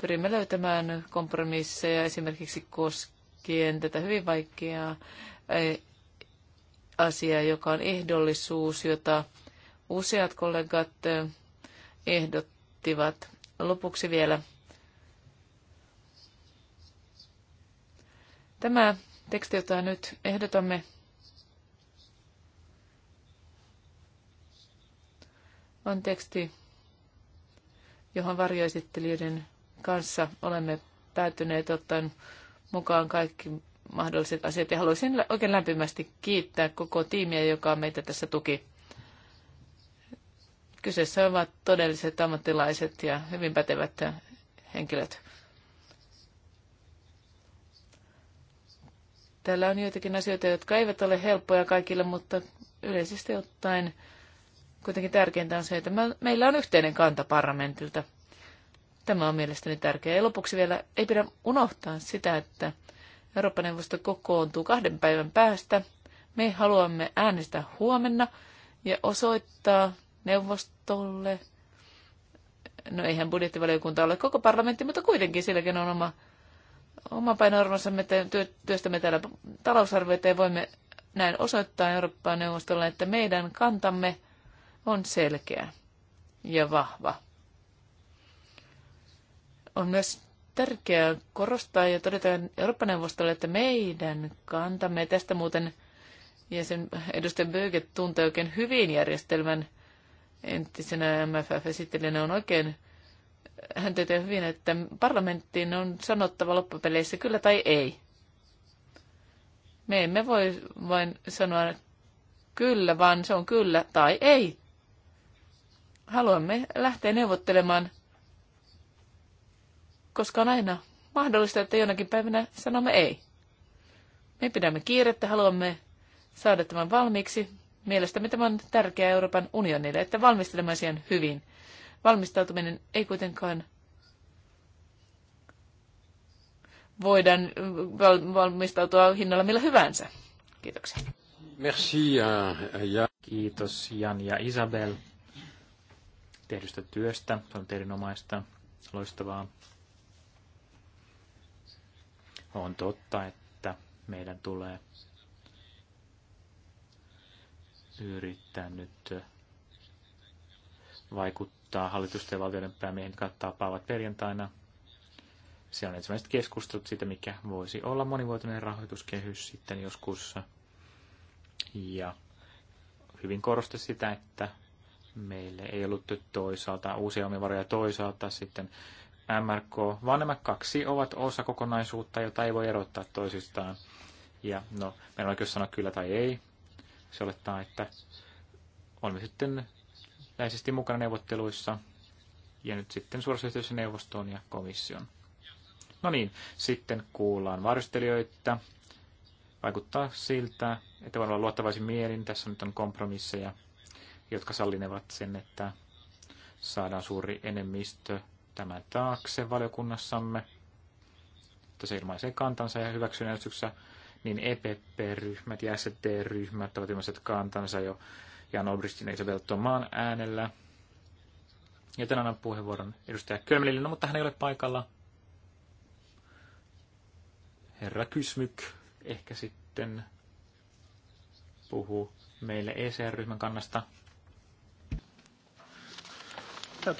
pyrimme löytämään kompromisseja esimerkiksi koskien tätä hyvin vaikeaa eh, asiaa, joka on ehdollisuus, jota useat kollegat eh, ehdottivat. Lopuksi vielä. Tämä teksti, jota nyt ehdotamme, on teksti, johon varjoesittelijöiden kanssa olemme päätyneet ottaen mukaan kaikki mahdolliset asiat. Ja haluaisin oikein lämpimästi kiittää koko tiimiä, joka meitä tässä tuki. Kyseessä ovat todelliset ammattilaiset ja hyvin pätevät henkilöt. Täällä on joitakin asioita, jotka eivät ole helppoja kaikille, mutta yleisesti ottaen kuitenkin tärkeintä on se, että meillä on yhteinen kanta parlamentilta. Tämä on mielestäni tärkeää. Ja lopuksi vielä ei pidä unohtaa sitä, että Eurooppa-neuvosto kokoontuu kahden päivän päästä. Me haluamme äänestää huomenna ja osoittaa neuvostolle. No eihän budjettivaliokunta ole koko parlamentti, mutta kuitenkin silläkin on oma, oma painoarvonsa. Me työ, työstämme täällä talousarvioita ja voimme näin osoittaa Euroopan neuvostolle, että meidän kantamme on selkeä ja vahva. On myös tärkeää korostaa ja todeta Euroopan neuvostolle, että meidän kantamme tästä muuten, ja sen edustajan Böge tuntee oikein hyvin järjestelmän, entisenä MFF-esittelijänä on oikein hän tietää hyvin, että parlamenttiin on sanottava loppupeleissä kyllä tai ei. Me emme voi vain sanoa kyllä, vaan se on kyllä tai ei. Haluamme lähteä neuvottelemaan, koska on aina mahdollista, että jonakin päivänä sanomme ei. Me pidämme kiirettä, haluamme saada tämän valmiiksi. Mielestämme tämä on tärkeää Euroopan unionille, että valmistelemme asian hyvin. Valmistautuminen ei kuitenkaan voida valmistautua hinnalla millä hyvänsä. Kiitoksia. Merci, ja... Kiitos Jan ja Isabel tehdystä työstä. Se on erinomaista, loistavaa. On totta, että meidän tulee yrittänyt vaikuttaa hallitusten ja valtioiden päämiehen kattaa tapaavat perjantaina. Se on ensimmäiset keskustelut siitä, mikä voisi olla monivuotinen rahoituskehys sitten joskus. Ja hyvin korosti sitä, että meille ei ollut toisaalta uusia omivaroja toisaalta sitten MRK, vaan nämä kaksi ovat osa kokonaisuutta, jota ei voi erottaa toisistaan. Ja no, meillä on oikeus sanoa kyllä tai ei, se olettaa, että olemme sitten läheisesti mukana neuvotteluissa ja nyt sitten suorassa yhteydessä neuvostoon ja komission. No niin, sitten kuullaan varustelijoita. Vaikuttaa siltä, että voin olla luottavaisin mielin. Tässä nyt on kompromisseja, jotka sallinevat sen, että saadaan suuri enemmistö tämän taakse valiokunnassamme. Mutta se ilmaisee kantansa ja hyväksyy niin EPP-ryhmät ja ST-ryhmät ovat ilmaiset kantansa jo Jan Obristin ei sovellettua maan äänellä. Joten annan puheenvuoron edustaja Kömlille, no, mutta hän ei ole paikalla. Herra Kysmyk ehkä sitten puhuu meille ECR-ryhmän kannasta. ja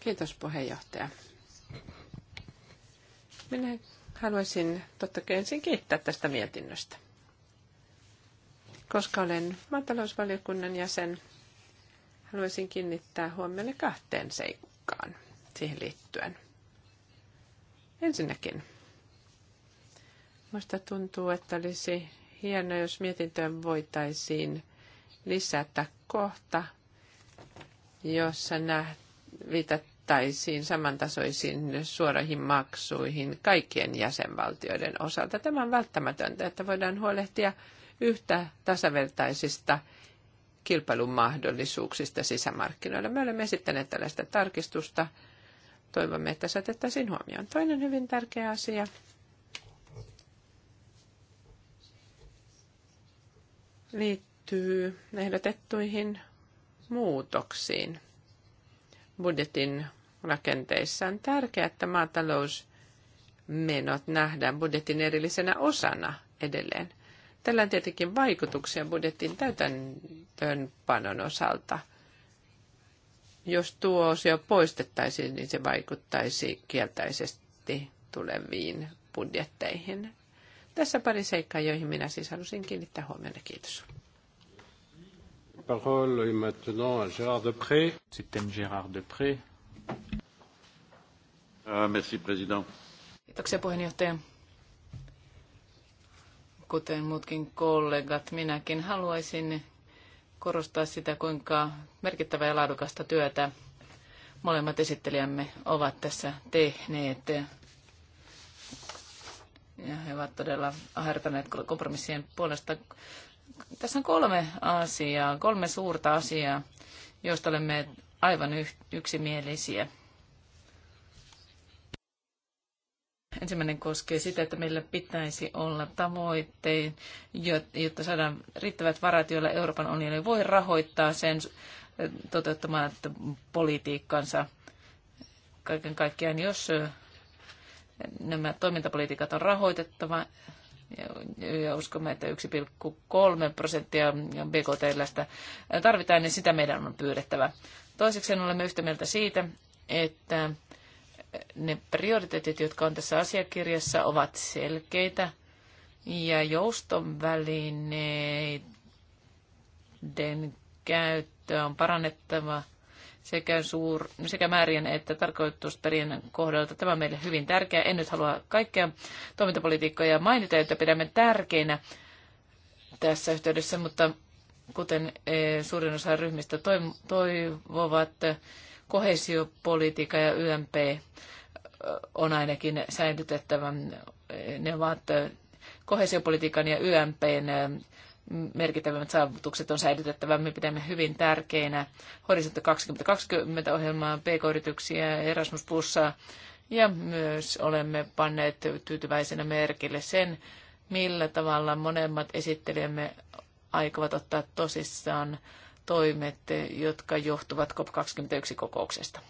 Kiitos puheenjohtaja. Minä Haluaisin totta kai ensin kiittää tästä mietinnöstä. Koska olen maatalousvaliokunnan jäsen, haluaisin kiinnittää huomioon kahteen seikkaan siihen liittyen. Ensinnäkin, minusta tuntuu, että olisi hienoa, jos mietintöön voitaisiin lisätä kohta, jossa nähdään viitattiin päästäisiin samantasoisiin suorahin maksuihin kaikkien jäsenvaltioiden osalta. Tämä on välttämätöntä, että voidaan huolehtia yhtä tasavertaisista kilpailun mahdollisuuksista sisämarkkinoilla. Me olemme esittäneet tällaista tarkistusta. Toivomme, että se otettaisiin huomioon. Toinen hyvin tärkeä asia liittyy ehdotettuihin muutoksiin budjetin rakenteissa. On tärkeää, että maatalousmenot nähdään budjetin erillisenä osana edelleen. Tällä on tietenkin vaikutuksia budjetin täytäntöönpanon osalta. Jos tuo osio poistettaisiin, niin se vaikuttaisi kieltäisesti tuleviin budjetteihin. Tässä pari seikkaa, joihin minä siis halusin kiinnittää huomiota. Kiitos. Sitten Gérard Depré. Euh, merci, president. Kiitoksia puheenjohtaja. Kuten muutkin kollegat, minäkin haluaisin korostaa sitä, kuinka merkittävää ja laadukasta työtä molemmat esittelijämme ovat tässä tehneet. Ja he ovat todella ahertaneet kompromissien puolesta. Tässä on kolme asiaa, kolme suurta asiaa, joista olemme aivan yksimielisiä. Ensimmäinen koskee sitä, että meillä pitäisi olla tavoitteet, jotta saadaan riittävät varat, joilla Euroopan unioni voi rahoittaa sen toteuttamaan politiikkansa. Kaiken kaikkiaan, jos nämä toimintapolitiikat on rahoitettava, ja uskomme, että 1,3 prosenttia BKT tarvitaan, niin sitä meidän on pyydettävä. Toiseksi olemme yhtä mieltä siitä, että ne prioriteetit, jotka on tässä asiakirjassa, ovat selkeitä ja joustovälineiden käyttöä on parannettava – sekä, suur, sekä määrien että tarkoitusperien kohdalta. Tämä on meille hyvin tärkeää. En nyt halua kaikkea toimintapolitiikkoja mainita, joita pidämme tärkeinä tässä yhteydessä, mutta kuten e, suurin osa ryhmistä toivovat, kohesiopolitiikka ja YMP e, on ainakin säilytettävä. Ne ovat kohesiopolitiikan ja YMPn e, merkittävimmät saavutukset on säilytettävä. Me pidämme hyvin tärkeinä Horisontti 2020 ohjelmaa, PK-yrityksiä, Erasmus Plusaa ja myös olemme panneet tyytyväisenä merkille sen, millä tavalla monemmat esittelijämme aikovat ottaa tosissaan toimet, jotka johtuvat COP21-kokouksesta.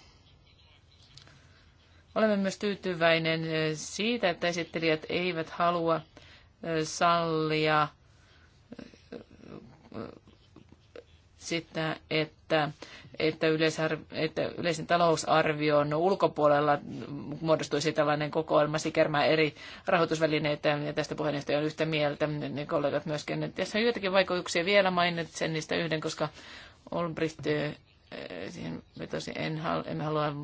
Olemme myös tyytyväinen siitä, että esittelijät eivät halua sallia sitä, että, että, että yleisen talousarvion ulkopuolella muodostuisi tällainen kokoelma sikermää eri rahoitusvälineitä, ja tästä puheenjohtaja on yhtä mieltä, ne kollegat myöskin. Tässä on joitakin vaikutuksia vielä, mainitsen niistä yhden, koska Olbricht, eh, siihen vetosi, en, en halua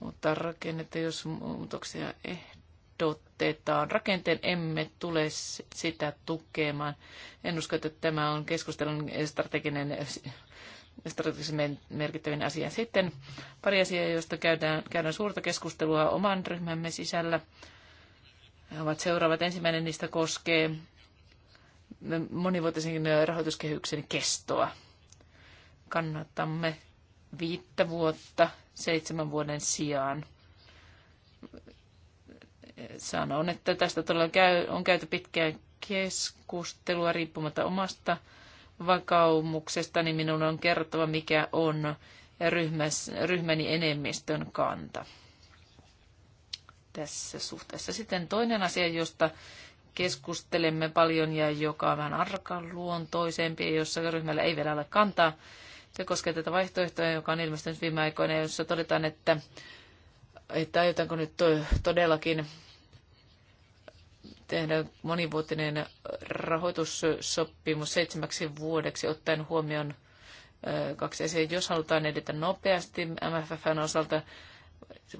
muuttaa rakennetta, jos muutoksia ehdotetaan ehdotetaan rakenteen, emme tule sitä tukemaan. En usko, että tämä on keskustelun strateginen strategisesti merkittävin asia. Sitten pari asiaa, joista käydään, käydään suurta keskustelua oman ryhmämme sisällä. He ovat seuraavat. Ensimmäinen niistä koskee monivuotisen rahoituskehyksen kestoa. Kannatamme viittä vuotta seitsemän vuoden sijaan sanon, että tästä todella käy, on käyty pitkää keskustelua riippumatta omasta vakaumuksesta, niin minun on kerrottava, mikä on ryhmäs, ryhmäni enemmistön kanta. Tässä suhteessa sitten toinen asia, josta keskustelemme paljon ja joka on vähän arkan luontoisempi jossa ryhmällä ei vielä ole kantaa. Se koskee tätä vaihtoehtoa, joka on ilmestynyt viime aikoina, jossa todetaan, että, että aiotaanko nyt todellakin tehdä monivuotinen rahoitussopimus seitsemäksi vuodeksi ottaen huomioon kaksi asiaa. Jos halutaan edetä nopeasti MFFn osalta,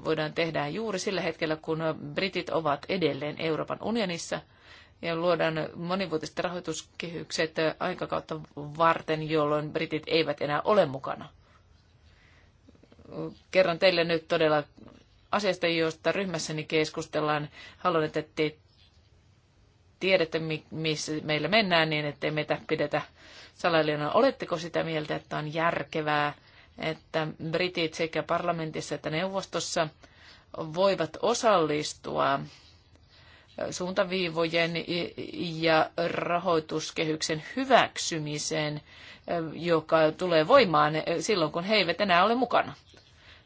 voidaan tehdä juuri sillä hetkellä, kun britit ovat edelleen Euroopan unionissa ja luodaan monivuotiset rahoituskehykset aikakautta varten, jolloin britit eivät enää ole mukana. Kerron teille nyt todella asiasta, josta ryhmässäni keskustellaan. Haluan, että te tiedätte, missä meillä mennään, niin ettei meitä pidetä salailijana. Oletteko sitä mieltä, että on järkevää, että britit sekä parlamentissa että neuvostossa voivat osallistua suuntaviivojen ja rahoituskehyksen hyväksymiseen, joka tulee voimaan silloin, kun he eivät enää ole mukana.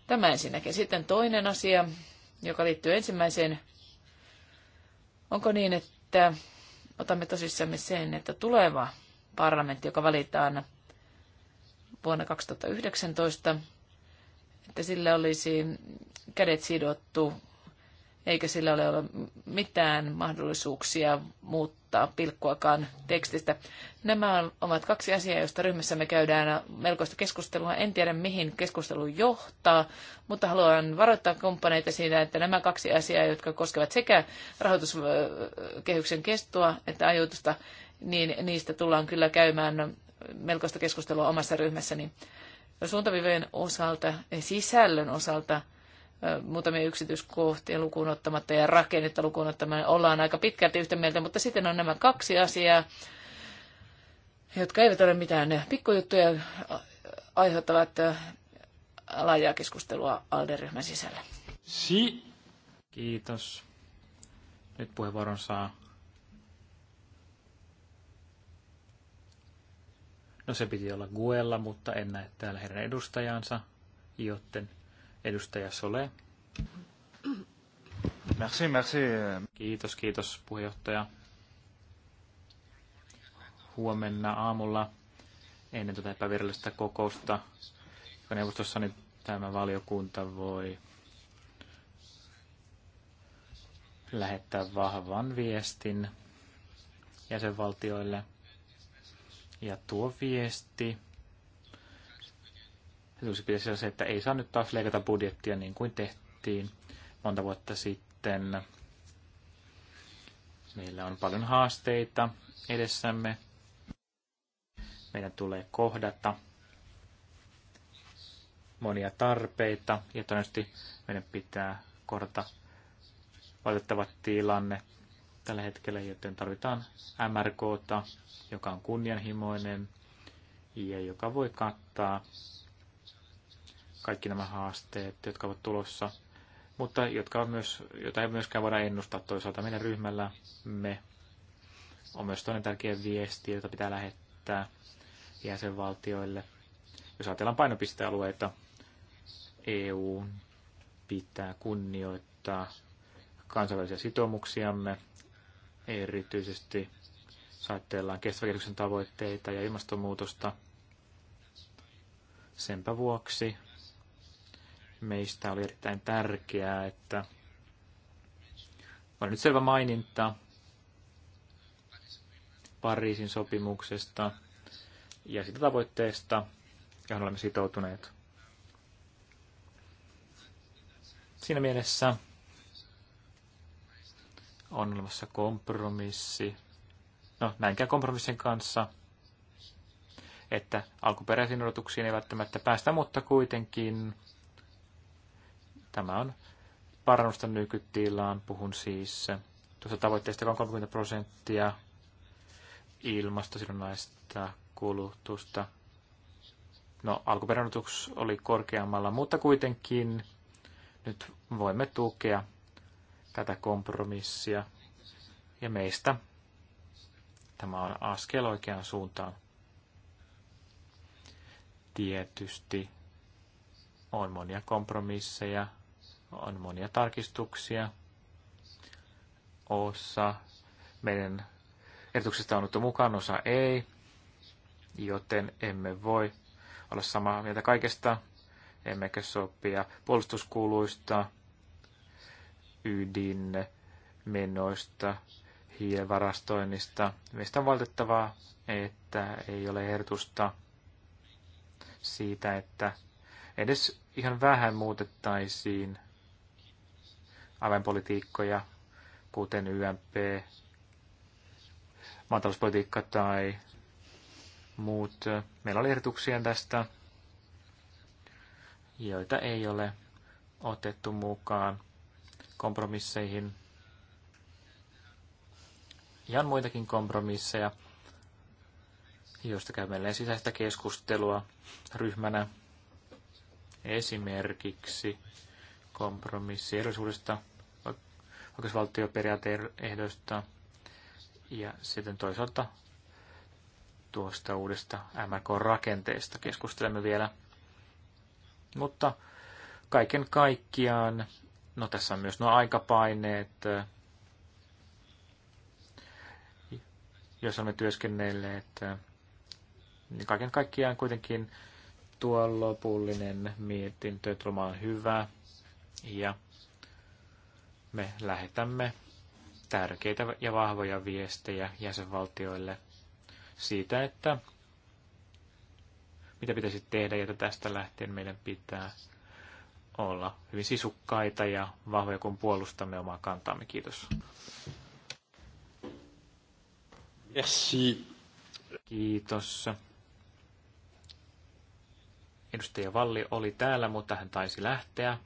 Tämä ensinnäkin. Sitten toinen asia, joka liittyy ensimmäiseen. Onko niin, että että otamme tosissamme sen, että tuleva parlamentti, joka valitaan vuonna 2019, että sillä olisi kädet sidottu, eikä sillä ole mitään mahdollisuuksia muuttaa ottaa pilkkuakaan tekstistä. Nämä ovat kaksi asiaa, joista ryhmässä me käydään melkoista keskustelua. En tiedä, mihin keskustelu johtaa, mutta haluan varoittaa kumppaneita siinä, että nämä kaksi asiaa, jotka koskevat sekä rahoituskehyksen kestoa että ajoitusta, niin niistä tullaan kyllä käymään melkoista keskustelua omassa ryhmässäni. Suuntavivojen osalta, sisällön osalta – muutamia yksityiskohtia lukuun ottamatta ja rakennetta lukuun ottamatta ollaan aika pitkälti yhtä mieltä, mutta sitten on nämä kaksi asiaa, jotka eivät ole mitään pikkujuttuja, aiheuttavat laajaa keskustelua ALDE-ryhmän sisällä. Si. Kiitos. Nyt puheenvuoron saa. No se piti olla Guella, mutta en näe täällä heidän edustajansa, joten Edustaja Sole. Merci, merci. Kiitos, kiitos puheenjohtaja. Huomenna aamulla ennen tätä epävirallista kokousta, joka neuvostossa niin tämä valiokunta voi lähettää vahvan viestin jäsenvaltioille. Ja tuo viesti Uusi pitäisi olla se, että ei saa nyt taas leikata budjettia niin kuin tehtiin monta vuotta sitten. Meillä on paljon haasteita edessämme. Meidän tulee kohdata monia tarpeita ja todennäköisesti meidän pitää kohdata valitettava tilanne tällä hetkellä, joten tarvitaan MRKta, joka on kunnianhimoinen ja joka voi kattaa kaikki nämä haasteet, jotka ovat tulossa, mutta jotka on myös, joita ei myöskään voida ennustaa toisaalta. Meidän ryhmällä me on myös toinen tärkeä viesti, jota pitää lähettää jäsenvaltioille. Jos ajatellaan painopistealueita, EU pitää kunnioittaa kansainvälisiä sitoumuksiamme, erityisesti saatteellaan kestävän tavoitteita ja ilmastonmuutosta. Senpä vuoksi meistä oli erittäin tärkeää, että on nyt selvä maininta Pariisin sopimuksesta ja sitä tavoitteesta, johon olemme sitoutuneet. Siinä mielessä on olemassa kompromissi. No, näinkään kompromissin kanssa, että alkuperäisiin odotuksiin ei välttämättä päästä, mutta kuitenkin Tämä on parannusta nykytilaan. Puhun siis tuosta tavoitteesta, joka on 30 prosenttia ilmastosidonnaista kulutusta. No, alkuperänotus oli korkeammalla, mutta kuitenkin nyt voimme tukea tätä kompromissia. Ja meistä tämä on askel oikeaan suuntaan. Tietysti on monia kompromisseja, on monia tarkistuksia. Osa meidän erityksestä on otettu mukaan, osa ei, joten emme voi olla samaa mieltä kaikesta, emmekä sopia puolustuskuluista, ydinmenoista, hiilivarastoinnista. Meistä on valitettavaa, että ei ole ehdotusta siitä, että edes ihan vähän muutettaisiin avainpolitiikkoja, kuten YMP, maatalouspolitiikka tai muut. Meillä oli ehdotuksia tästä, joita ei ole otettu mukaan kompromisseihin. Ja on muitakin kompromisseja, joista käymme sisäistä keskustelua ryhmänä. Esimerkiksi kompromissi erilaisuudesta oikeusvaltioperiaateehdoista ja sitten toisaalta tuosta uudesta mk rakenteesta keskustelemme vielä. Mutta kaiken kaikkiaan, no tässä on myös nuo aikapaineet, jos olemme työskennelleet, niin kaiken kaikkiaan kuitenkin tuo lopullinen mietintö on hyvä. Ja me lähetämme tärkeitä ja vahvoja viestejä jäsenvaltioille siitä, että mitä pitäisi tehdä, ja tästä lähtien meidän pitää olla hyvin sisukkaita ja vahvoja, kun puolustamme omaa kantaamme. Kiitos. Merci. Kiitos. Edustaja Valli oli täällä, mutta hän taisi lähteä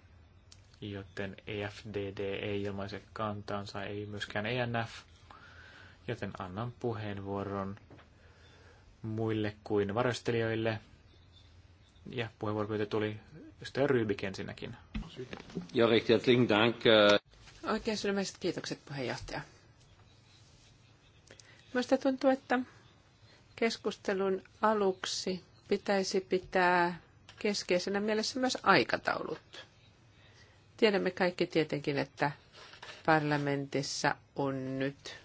joten EFDD ei ilmaise kantaansa, ei myöskään ENF, joten annan puheenvuoron muille kuin varastelijoille. Ja puheenvuoropyyntö tuli ystävä Rybik ensinnäkin. Ja eh. Oikein sydämiset kiitokset puheenjohtaja. Minusta tuntuu, että keskustelun aluksi pitäisi pitää keskeisenä mielessä myös aikataulut Tiedämme kaikki tietenkin, että parlamentissa on nyt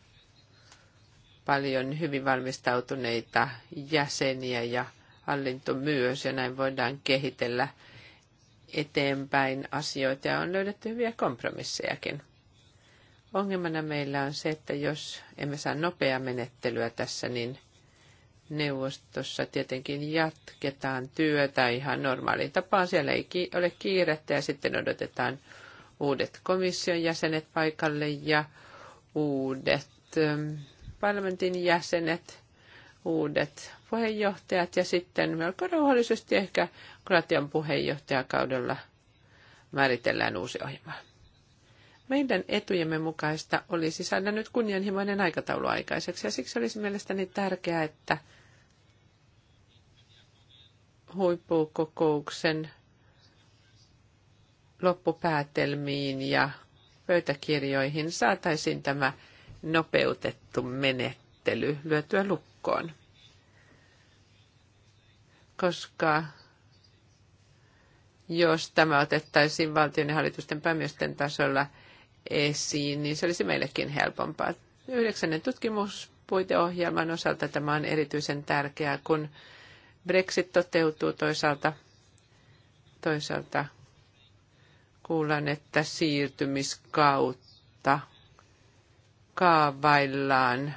paljon hyvin valmistautuneita jäseniä ja hallinto myös, ja näin voidaan kehitellä eteenpäin asioita ja on löydetty hyviä kompromissejakin. Ongelmana meillä on se, että jos emme saa nopeaa menettelyä tässä, niin – neuvostossa tietenkin jatketaan työtä ihan normaaliin tapaan. Siellä ei ole kiirettä ja sitten odotetaan uudet komission jäsenet paikalle ja uudet ähm, parlamentin jäsenet, uudet puheenjohtajat ja sitten melko rauhallisesti ehkä Kroatian puheenjohtajakaudella määritellään uusi ohjelma. Meidän etujemme mukaista olisi saada nyt kunnianhimoinen aikataulu aikaiseksi ja siksi olisi mielestäni tärkeää, että huippukokouksen loppupäätelmiin ja pöytäkirjoihin saataisiin tämä nopeutettu menettely lyötyä lukkoon. Koska jos tämä otettaisiin valtion ja hallitusten päämiesten tasolla – esiin, niin se olisi meillekin helpompaa. Yhdeksännen tutkimuspuiteohjelman osalta tämä on erityisen tärkeää, kun Brexit toteutuu toisaalta, toisaalta kuulan, että siirtymiskautta kaavaillaan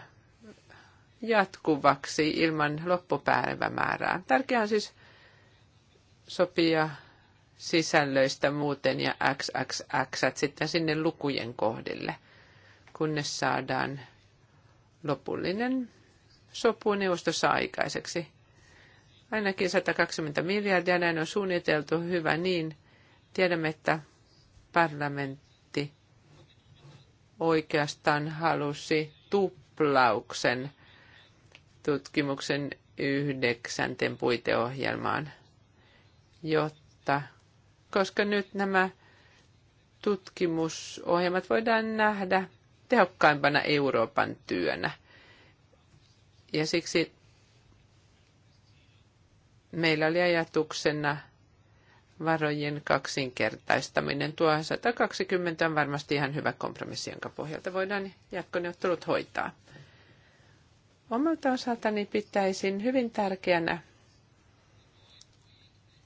jatkuvaksi ilman loppupäivämäärää. Tärkeää on siis sopia sisällöistä muuten ja XXX sitten sinne lukujen kohdille, kunnes saadaan lopullinen sopu neuvostossa aikaiseksi. Ainakin 120 miljardia, näin on suunniteltu, hyvä niin. Tiedämme, että parlamentti oikeastaan halusi tuplauksen tutkimuksen yhdeksänten puiteohjelmaan, jotta koska nyt nämä tutkimusohjelmat voidaan nähdä tehokkaimpana Euroopan työnä. Ja siksi meillä oli ajatuksena varojen kaksinkertaistaminen. Tuo 120 on varmasti ihan hyvä kompromissi, jonka pohjalta voidaan jatkoneuvottelut hoitaa. Omalta osaltani pitäisin hyvin tärkeänä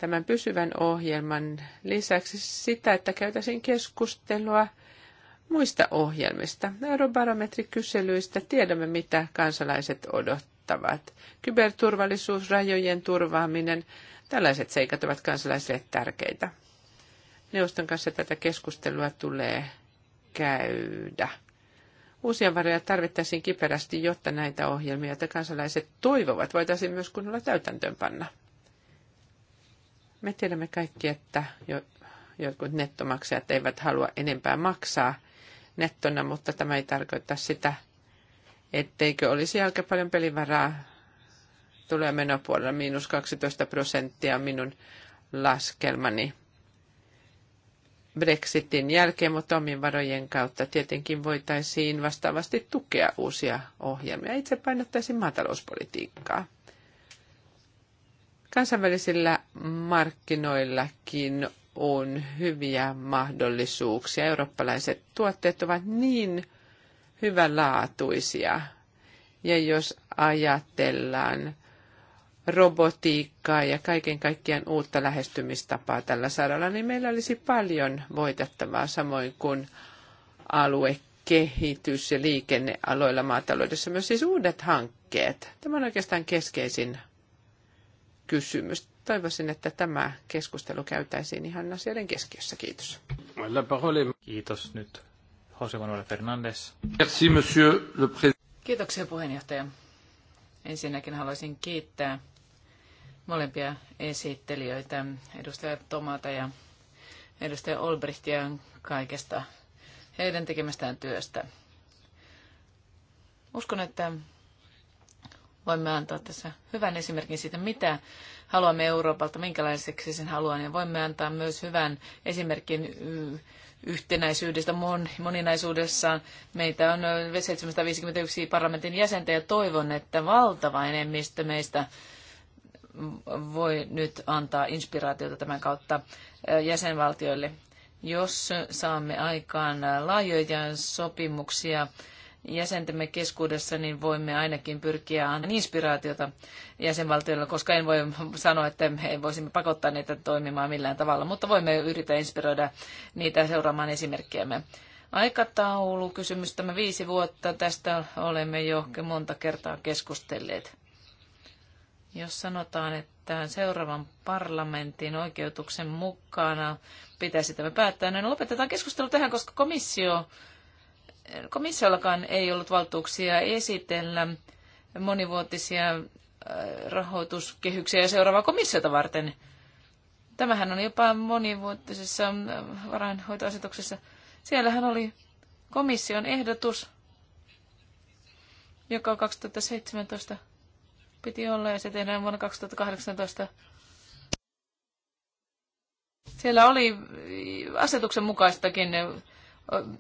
tämän pysyvän ohjelman lisäksi sitä, että käytäisiin keskustelua muista ohjelmista, eurobarometrikyselyistä, tiedämme mitä kansalaiset odottavat. Kyberturvallisuus, rajojen turvaaminen, tällaiset seikat ovat kansalaisille tärkeitä. Neuvoston kanssa tätä keskustelua tulee käydä. Uusia varoja tarvittaisiin kiperästi, jotta näitä ohjelmia, joita kansalaiset toivovat, voitaisiin myös kunnolla täytäntöönpanna. Me tiedämme kaikki, että jo, jotkut nettomaksajat eivät halua enempää maksaa nettona, mutta tämä ei tarkoita sitä, etteikö olisi aika paljon pelivaraa tulee menopuolella miinus 12 prosenttia minun laskelmani Brexitin jälkeen, mutta omien varojen kautta tietenkin voitaisiin vastaavasti tukea uusia ohjelmia. Itse painottaisin maatalouspolitiikkaa. Kansainvälisillä markkinoillakin on hyviä mahdollisuuksia. Eurooppalaiset tuotteet ovat niin hyvänlaatuisia. Ja jos ajatellaan robotiikkaa ja kaiken kaikkiaan uutta lähestymistapaa tällä saralla, niin meillä olisi paljon voitettavaa samoin kuin aluekehitys ja liikennealoilla maataloudessa myös siis uudet hankkeet. Tämä on oikeastaan keskeisin kysymys. Toivoisin, että tämä keskustelu käytäisiin ihan asioiden keskiössä. Kiitos. Kiitos nyt. Jose Manuel Fernandes. Merci, monsieur le président. Kiitoksia puheenjohtaja. Ensinnäkin haluaisin kiittää molempia esittelijöitä, edustaja Tomata ja edustaja Olbrichtia kaikesta heidän tekemästään työstä. Uskon, että voimme antaa tässä hyvän esimerkin siitä, mitä haluamme Euroopalta, minkälaiseksi sen haluamme. Ja voimme antaa myös hyvän esimerkin yhtenäisyydestä moninaisuudessaan. Meitä on 751 parlamentin jäsentä ja toivon, että valtava enemmistö meistä voi nyt antaa inspiraatiota tämän kautta jäsenvaltioille. Jos saamme aikaan laajoja sopimuksia, jäsentemme keskuudessa, niin voimme ainakin pyrkiä antamaan inspiraatiota jäsenvaltioille, koska en voi sanoa, että me voisimme pakottaa niitä toimimaan millään tavalla, mutta voimme yrittää inspiroida niitä seuraamaan esimerkkiämme. Aikataulu, kysymys tämä viisi vuotta, tästä olemme jo monta kertaa keskustelleet. Jos sanotaan, että seuraavan parlamentin oikeutuksen mukana pitäisi tämä päättää, niin lopetetaan keskustelu tähän, koska komissio komissiollakaan ei ollut valtuuksia esitellä monivuotisia äh, rahoituskehyksiä seuraavaa komissiota varten. Tämähän on jopa monivuotisessa äh, varainhoitoasetuksessa. Siellähän oli komission ehdotus, joka 2017 piti olla ja se tehdään vuonna 2018. Siellä oli asetuksen mukaistakin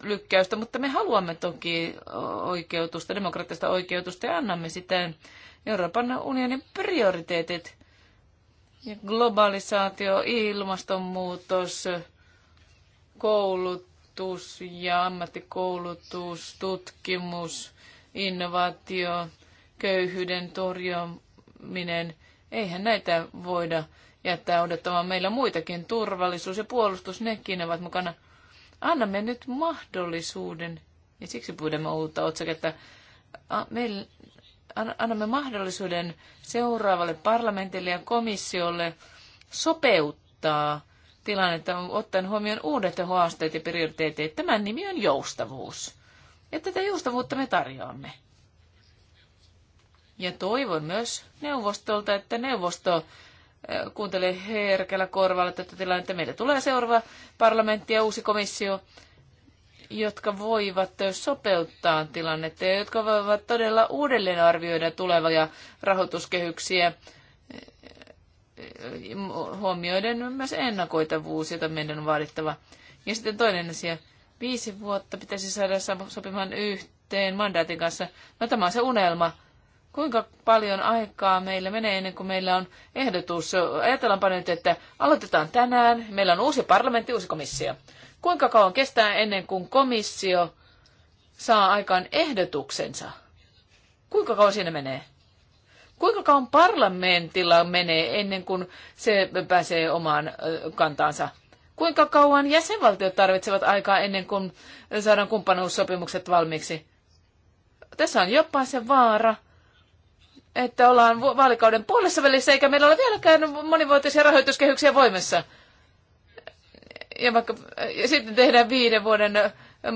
lykkäystä, mutta me haluamme toki oikeutusta, demokraattista oikeutusta ja annamme siten Euroopan unionin prioriteetit. Ja globalisaatio, ilmastonmuutos, koulutus ja ammattikoulutus, tutkimus, innovaatio, köyhyyden torjuminen. Eihän näitä voida jättää odottamaan. Meillä muitakin turvallisuus ja puolustus, nekin ovat mukana – Anna me nyt mahdollisuuden, ja siksi pyydämme uutta otsaketta, meillä, annamme mahdollisuuden seuraavalle parlamentille ja komissiolle sopeuttaa tilannetta ottaen huomioon uudet haasteet ja prioriteetit. Tämän nimi on joustavuus. Ja tätä joustavuutta me tarjoamme. Ja toivon myös neuvostolta, että neuvosto kuuntelee herkällä korvalla tätä tilannetta. Meillä tulee seuraava parlamentti ja uusi komissio, jotka voivat sopeuttaa tilannetta ja jotka voivat todella uudelleen arvioida tulevia rahoituskehyksiä huomioiden myös ennakoitavuus, jota meidän on vaadittava. Ja sitten toinen asia. Viisi vuotta pitäisi saada sopimaan yhteen mandaatin kanssa. No tämä on se unelma Kuinka paljon aikaa meillä menee ennen kuin meillä on ehdotus? Ajatellaanpa nyt, että aloitetaan tänään. Meillä on uusi parlamentti, uusi komissio. Kuinka kauan kestää ennen kuin komissio saa aikaan ehdotuksensa? Kuinka kauan siinä menee? Kuinka kauan parlamentilla menee ennen kuin se pääsee omaan kantaansa? Kuinka kauan jäsenvaltiot tarvitsevat aikaa ennen kuin saadaan kumppanuussopimukset valmiiksi? Tässä on jopa se vaara, että ollaan vaalikauden puolessa välissä, eikä meillä ole vieläkään monivuotisia rahoituskehyksiä voimassa. Ja, vaikka, ja sitten tehdään viiden vuoden ähm,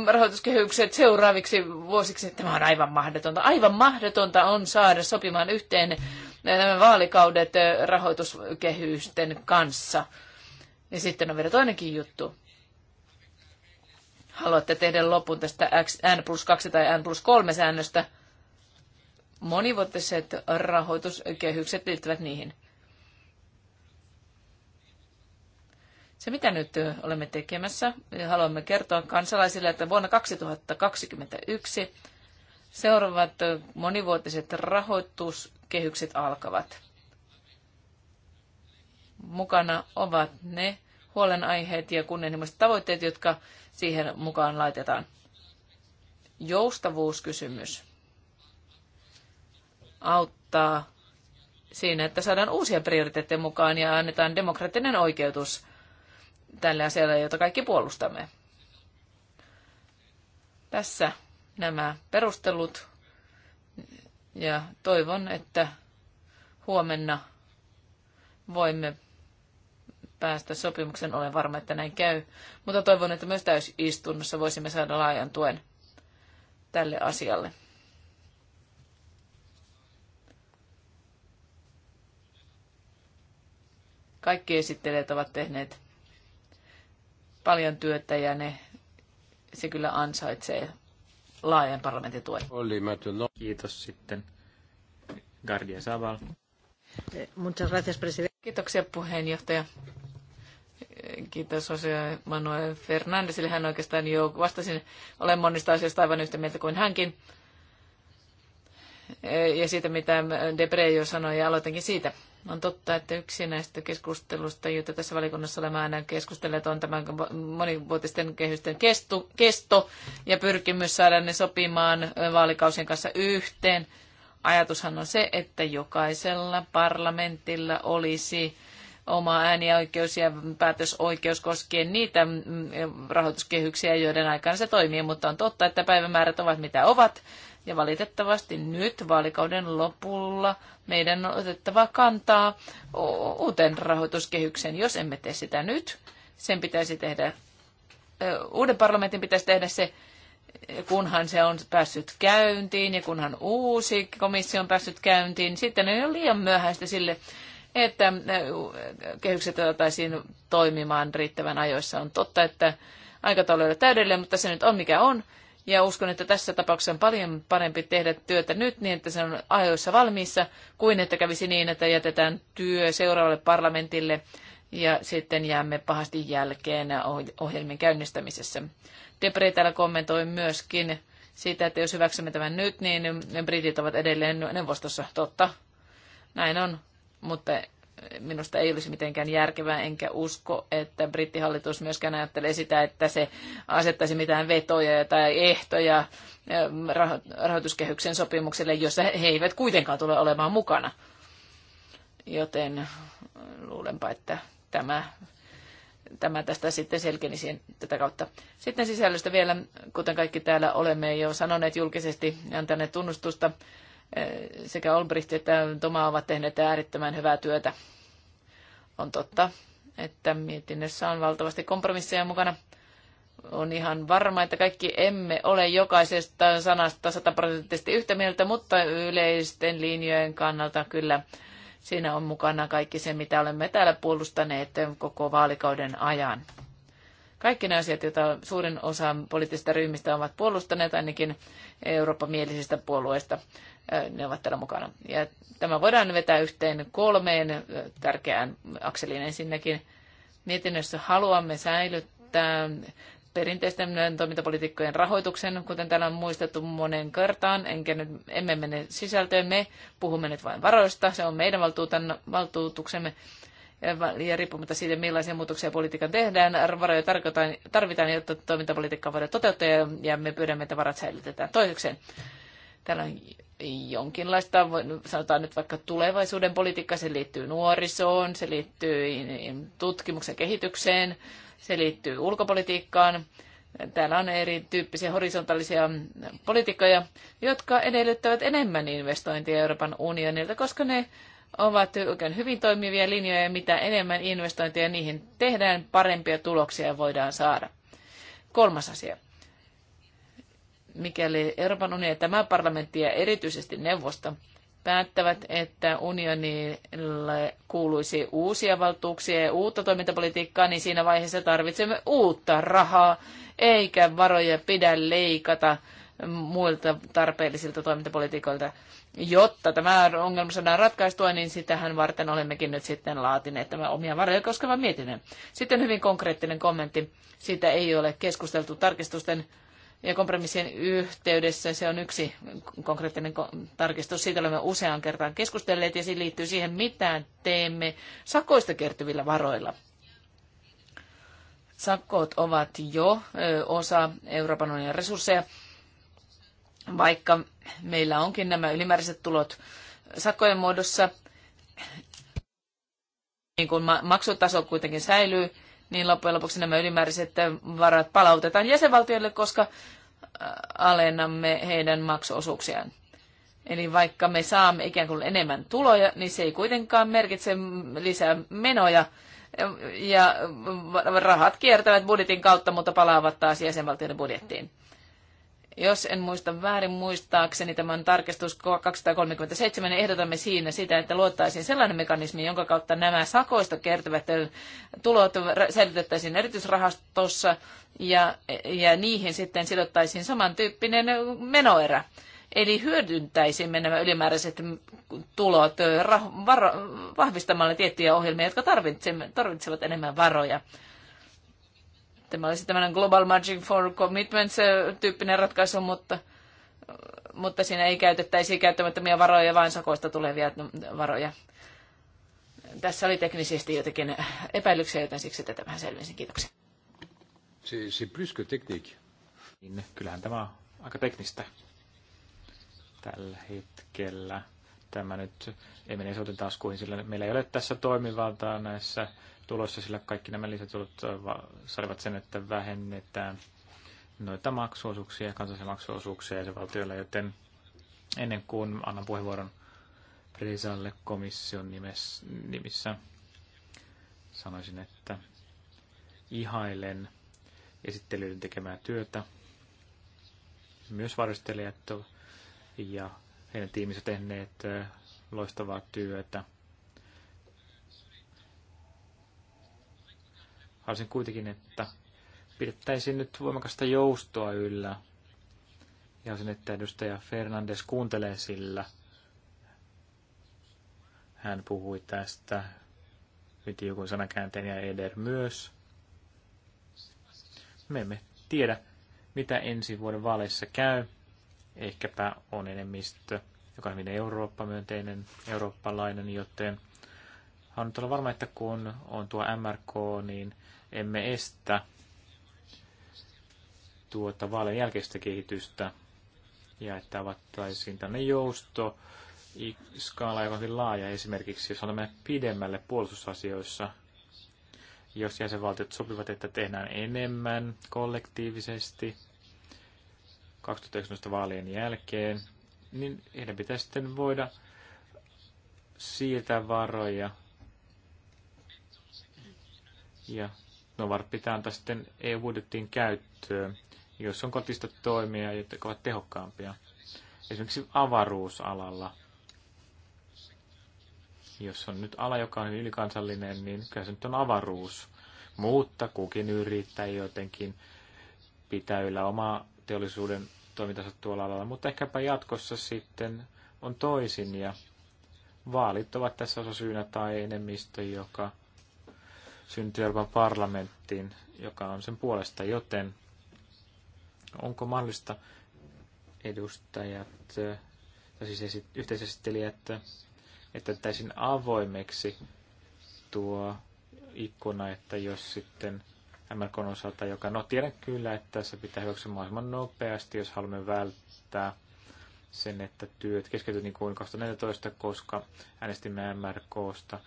rahoituskehykset seuraaviksi vuosiksi. Tämä on aivan mahdotonta. Aivan mahdotonta on saada sopimaan yhteen äh, nämä vaalikaudet äh, rahoituskehysten kanssa. Ja sitten on vielä toinenkin juttu. Haluatte tehdä lopun tästä N plus 2 tai N plus 3 säännöstä – monivuotiset rahoituskehykset liittyvät niihin. Se, mitä nyt olemme tekemässä, haluamme kertoa kansalaisille, että vuonna 2021 seuraavat monivuotiset rahoituskehykset alkavat. Mukana ovat ne huolenaiheet ja kunnianhimoiset tavoitteet, jotka siihen mukaan laitetaan. Joustavuuskysymys auttaa siinä, että saadaan uusia prioriteetteja mukaan ja annetaan demokraattinen oikeutus tälle asialle, jota kaikki puolustamme. Tässä nämä perustelut ja toivon, että huomenna voimme päästä sopimuksen. Olen varma, että näin käy, mutta toivon, että myös täysistunnossa voisimme saada laajan tuen tälle asialle. Kaikki esittelijät ovat tehneet paljon työtä ja ne, se kyllä ansaitsee laajan parlamentin tuen. Kiitos sitten. Gardia Saval. Kiitoksia puheenjohtaja. Kiitos Jose Manuel Fernandesille. Hän oikeastaan jo vastasin. Olen monista asioista aivan yhtä mieltä kuin hänkin. Ja siitä, mitä Debre jo sanoi, ja aloitankin siitä. On totta, että yksi näistä keskustelusta, joita tässä valikunnassa olemme aina keskustelleet, on tämän monivuotisten kehysten kesto, kesto ja pyrkimys saada ne sopimaan vaalikausien kanssa yhteen. Ajatushan on se, että jokaisella parlamentilla olisi oma äänioikeus ja päätösoikeus koskien niitä rahoituskehyksiä, joiden aikana se toimii, mutta on totta, että päivämäärät ovat mitä ovat. Ja valitettavasti nyt vaalikauden lopulla meidän on otettava kantaa uuteen rahoituskehykseen, Jos emme tee sitä nyt, sen pitäisi tehdä, uuden parlamentin pitäisi tehdä se, kunhan se on päässyt käyntiin ja kunhan uusi komissio on päässyt käyntiin, sitten ei ole liian myöhäistä sille, että kehykset otettaisiin toimimaan riittävän ajoissa. On totta, että aikataulu ei ole täydellinen, mutta se nyt on mikä on. Ja uskon, että tässä tapauksessa on paljon parempi tehdä työtä nyt niin, että se on ajoissa valmiissa, kuin että kävisi niin, että jätetään työ seuraavalle parlamentille ja sitten jäämme pahasti jälkeen ohjelmien käynnistämisessä. Debre täällä kommentoi myöskin sitä, että jos hyväksymme tämän nyt, niin britit ovat edelleen neuvostossa. Totta, näin on, mutta minusta ei olisi mitenkään järkevää, enkä usko, että brittihallitus myöskään ajattelee sitä, että se asettaisi mitään vetoja tai ehtoja ähm, rahoituskehyksen sopimukselle, jossa he eivät kuitenkaan tule olemaan mukana. Joten luulenpa, että tämä, tämä tästä sitten selkenisi tätä kautta. Sitten sisällöstä vielä, kuten kaikki täällä olemme jo sanoneet julkisesti, antaneet tunnustusta Eh, sekä Olbricht että Toma ovat tehneet äärettömän hyvää työtä. On totta, että mietinnössä on valtavasti kompromisseja mukana. On ihan varma, että kaikki emme ole jokaisesta sanasta sataprosenttisesti yhtä mieltä, mutta yleisten linjojen kannalta kyllä siinä on mukana kaikki se, mitä olemme täällä puolustaneet koko vaalikauden ajan. Kaikki ne asiat, joita suurin osa poliittisista ryhmistä ovat puolustaneet, ainakin Eurooppa-mielisistä puolueista ne ovat täällä mukana. Ja tämä voidaan vetää yhteen kolmeen tärkeään akseliin ensinnäkin. Mietinnössä haluamme säilyttää perinteisten toimintapolitiikkojen rahoituksen, kuten täällä on muistettu monen kertaan, enkä nyt, emme mene sisältöön, me puhumme nyt vain varoista, se on meidän valtuutan, valtuutuksemme, ja riippumatta siitä, millaisia muutoksia politiikan tehdään, varoja tarvitaan, jotta toimintapolitiikkaa voidaan toteuttaa, ja me pyydämme, että varat säilytetään. Toisekseen, täällä on jonkinlaista, sanotaan nyt vaikka tulevaisuuden politiikka, se liittyy nuorisoon, se liittyy tutkimuksen kehitykseen, se liittyy ulkopolitiikkaan. Täällä on erityyppisiä horisontaalisia politiikkoja, jotka edellyttävät enemmän investointia Euroopan unionilta, koska ne ovat oikein hyvin toimivia linjoja ja mitä enemmän investointeja niihin tehdään, parempia tuloksia voidaan saada. Kolmas asia mikäli Euroopan unioni ja tämä parlamentti ja erityisesti neuvosto päättävät, että unionille kuuluisi uusia valtuuksia ja uutta toimintapolitiikkaa, niin siinä vaiheessa tarvitsemme uutta rahaa, eikä varoja pidä leikata muilta tarpeellisilta toimintapolitiikoilta. Jotta tämä ongelma saadaan ratkaistua, niin sitähän varten olemmekin nyt sitten laatineet tämä omia varoja koskevan mietinnön. Sitten hyvin konkreettinen kommentti. Siitä ei ole keskusteltu tarkistusten ja kompromissien yhteydessä se on yksi konkreettinen tarkistus. Siitä olemme useaan kertaan keskustelleet ja se liittyy siihen, mitä teemme sakoista kertyvillä varoilla. Sakot ovat jo osa Euroopan unionin resursseja, vaikka meillä onkin nämä ylimääräiset tulot sakkojen muodossa. Niin kun maksutaso kuitenkin säilyy, niin loppujen lopuksi nämä ylimääräiset varat palautetaan jäsenvaltioille, koska äh, alennamme heidän maksuosuuksiaan. Eli vaikka me saamme ikään kuin enemmän tuloja, niin se ei kuitenkaan merkitse lisää menoja. Ja rahat kiertävät budjetin kautta, mutta palaavat taas jäsenvaltioiden budjettiin. Jos en muista väärin muistaakseni tämän tarkistus 237, niin ehdotamme siinä sitä, että luottaisiin sellainen mekanismi, jonka kautta nämä sakoista kertyvät tulot säilytettäisiin erityisrahastossa ja, ja niihin sitten sidottaisiin samantyyppinen menoerä. Eli hyödyntäisimme nämä ylimääräiset tulot rah, var, vahvistamalla tiettyjä ohjelmia, jotka tarvitsevat enemmän varoja. Tämä olisi tämmöinen Global Margin for Commitments-tyyppinen ratkaisu, mutta, mutta siinä ei käytettäisi käyttämättömiä varoja, vaan sakoista tulevia varoja. Tässä oli teknisesti jotenkin epäilyksiä, joten siksi tätä vähän selvisin. Kiitoksia. Se plus Niin, kyllähän tämä on aika teknistä tällä hetkellä. Tämä nyt ei mene soten taskuihin, sillä meillä ei ole tässä toimivaltaa näissä tulossa, sillä kaikki nämä lisätulot äh, saivat sen, että vähennetään noita maksuosuuksia, kansallisia maksuosuuksia jäsenvaltioille, joten ennen kuin annan puheenvuoron Prisalle komission nimessä, nimissä, sanoisin, että ihailen esittelyiden tekemää työtä. Myös varustelijat ja heidän tiiminsä tehneet äh, loistavaa työtä Haluaisin kuitenkin, että pidettäisiin nyt voimakasta joustoa yllä. Ja sen, että edustaja Fernandes kuuntelee sillä. Hän puhui tästä Nyt joku sanakäänteen ja Eder myös. Me emme tiedä, mitä ensi vuoden vaaleissa käy. Ehkäpä on enemmistö, joka on hyvin Eurooppa-myönteinen, eurooppalainen, joten Haluan nyt olla varma, että kun on tuo MRK, niin emme estä tuota vaalien jälkeistä kehitystä ja että avattaisiin tänne jousto skaala, joka on hyvin laaja esimerkiksi, jos olemme pidemmälle puolustusasioissa, jos jäsenvaltiot sopivat, että tehdään enemmän kollektiivisesti 2019 vaalien jälkeen, niin heidän pitäisi sitten voida siirtää varoja ja no varat pitää antaa sitten EU-budjettiin käyttöön, jos on kotista toimia, jotka ovat tehokkaampia. Esimerkiksi avaruusalalla. Jos on nyt ala, joka on ylikansallinen, niin kyllä se nyt on avaruus. Mutta kukin yrittää jotenkin pitää yllä omaa teollisuuden toimintansa tuolla alalla, mutta ehkäpä jatkossa sitten on toisin ja vaalit ovat tässä osa syynä tai enemmistö, joka syntyy Euroopan parlamenttiin, joka on sen puolesta, joten onko mahdollista edustajat, tai siis yhteisesittelijät, että täysin avoimeksi tuo ikkuna, että jos sitten MRK osalta, joka, no tiedän kyllä, että se pitää hyväksyä mahdollisimman nopeasti, jos haluamme välttää sen, että työt keskeytyy niin kuin 2014, koska äänestimme MRKsta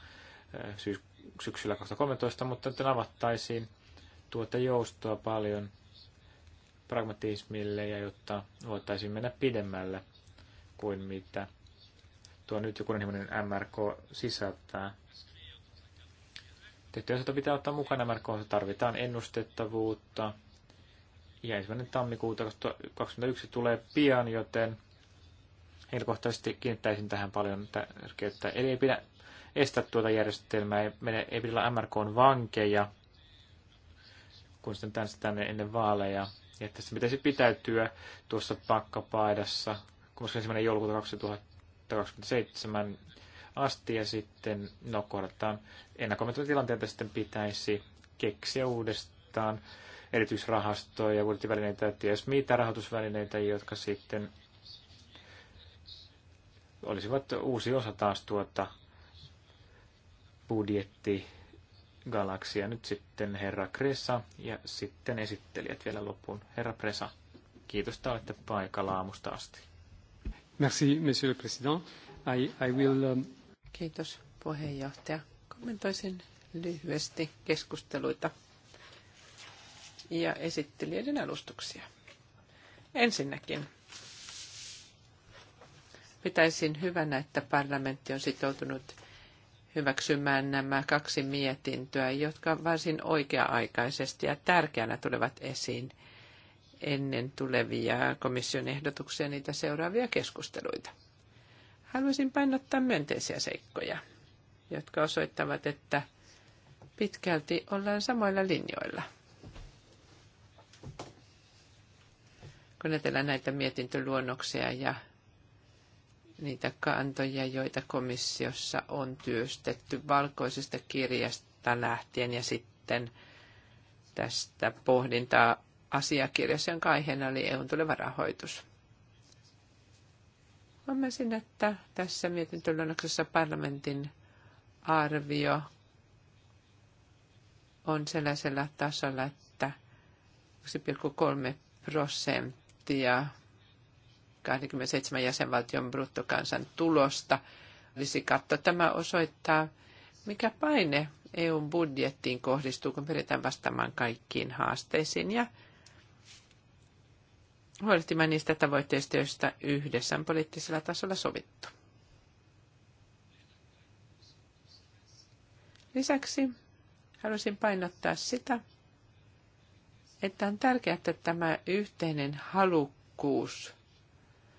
syys, syksyllä 2013, mutta että avattaisiin tuota joustoa paljon pragmatismille ja jotta voitaisiin mennä pidemmälle kuin mitä tuo nyt joku kunnianhimoinen MRK sisältää. Tehtyjä asioita pitää ottaa mukaan MRK, tarvitaan ennustettavuutta. Ja ensimmäinen tammikuuta 2021 tulee pian, joten henkilökohtaisesti kiinnittäisin tähän paljon tärkeyttä. Eli ei pidä estää tuota järjestelmää, ei, mene, ei pidä olla on vankeja, kun sitten tänne, tänne ennen vaaleja. Ja että se pitäisi pitäytyä tuossa pakkapaidassa, kun ensimmäinen joulukuuta 2027 asti ja sitten no kohdataan ennakoimattomia tilanteita sitten pitäisi keksiä uudestaan erityisrahastoja, budjettivälineitä ja ties mitä rahoitusvälineitä, jotka sitten olisivat uusi osa taas tuota budjetti Galaksia. Nyt sitten herra Kresa ja sitten esittelijät vielä loppuun. Herra Presa, kiitos, että olette paikalla aamusta asti. Merci, monsieur le président. I, I will, um... Kiitos, puheenjohtaja. Kommentoisin lyhyesti keskusteluita ja esittelijöiden alustuksia. Ensinnäkin pitäisin hyvänä, että parlamentti on sitoutunut hyväksymään nämä kaksi mietintöä, jotka varsin oikea-aikaisesti ja tärkeänä tulevat esiin ennen tulevia komission ehdotuksia ja niitä seuraavia keskusteluita. Haluaisin painottaa myönteisiä seikkoja, jotka osoittavat, että pitkälti ollaan samoilla linjoilla. Kun näitä mietintöluonnoksia ja niitä kantoja, joita komissiossa on työstetty valkoisesta kirjasta lähtien ja sitten tästä pohdintaa asiakirjassa, jonka aiheena oli EUn tuleva rahoitus. Huomasin, että tässä mietintöluonnoksessa parlamentin arvio on sellaisella tasolla, että 1,3 prosenttia 27 jäsenvaltion bruttokansantulosta olisi katto. Tämä osoittaa, mikä paine EUn budjettiin kohdistuu, kun pyritään vastaamaan kaikkiin haasteisiin ja huolehtimaan niistä tavoitteista, joista yhdessä on poliittisella tasolla sovittu. Lisäksi halusin painottaa sitä, että on tärkeää, että tämä yhteinen halukkuus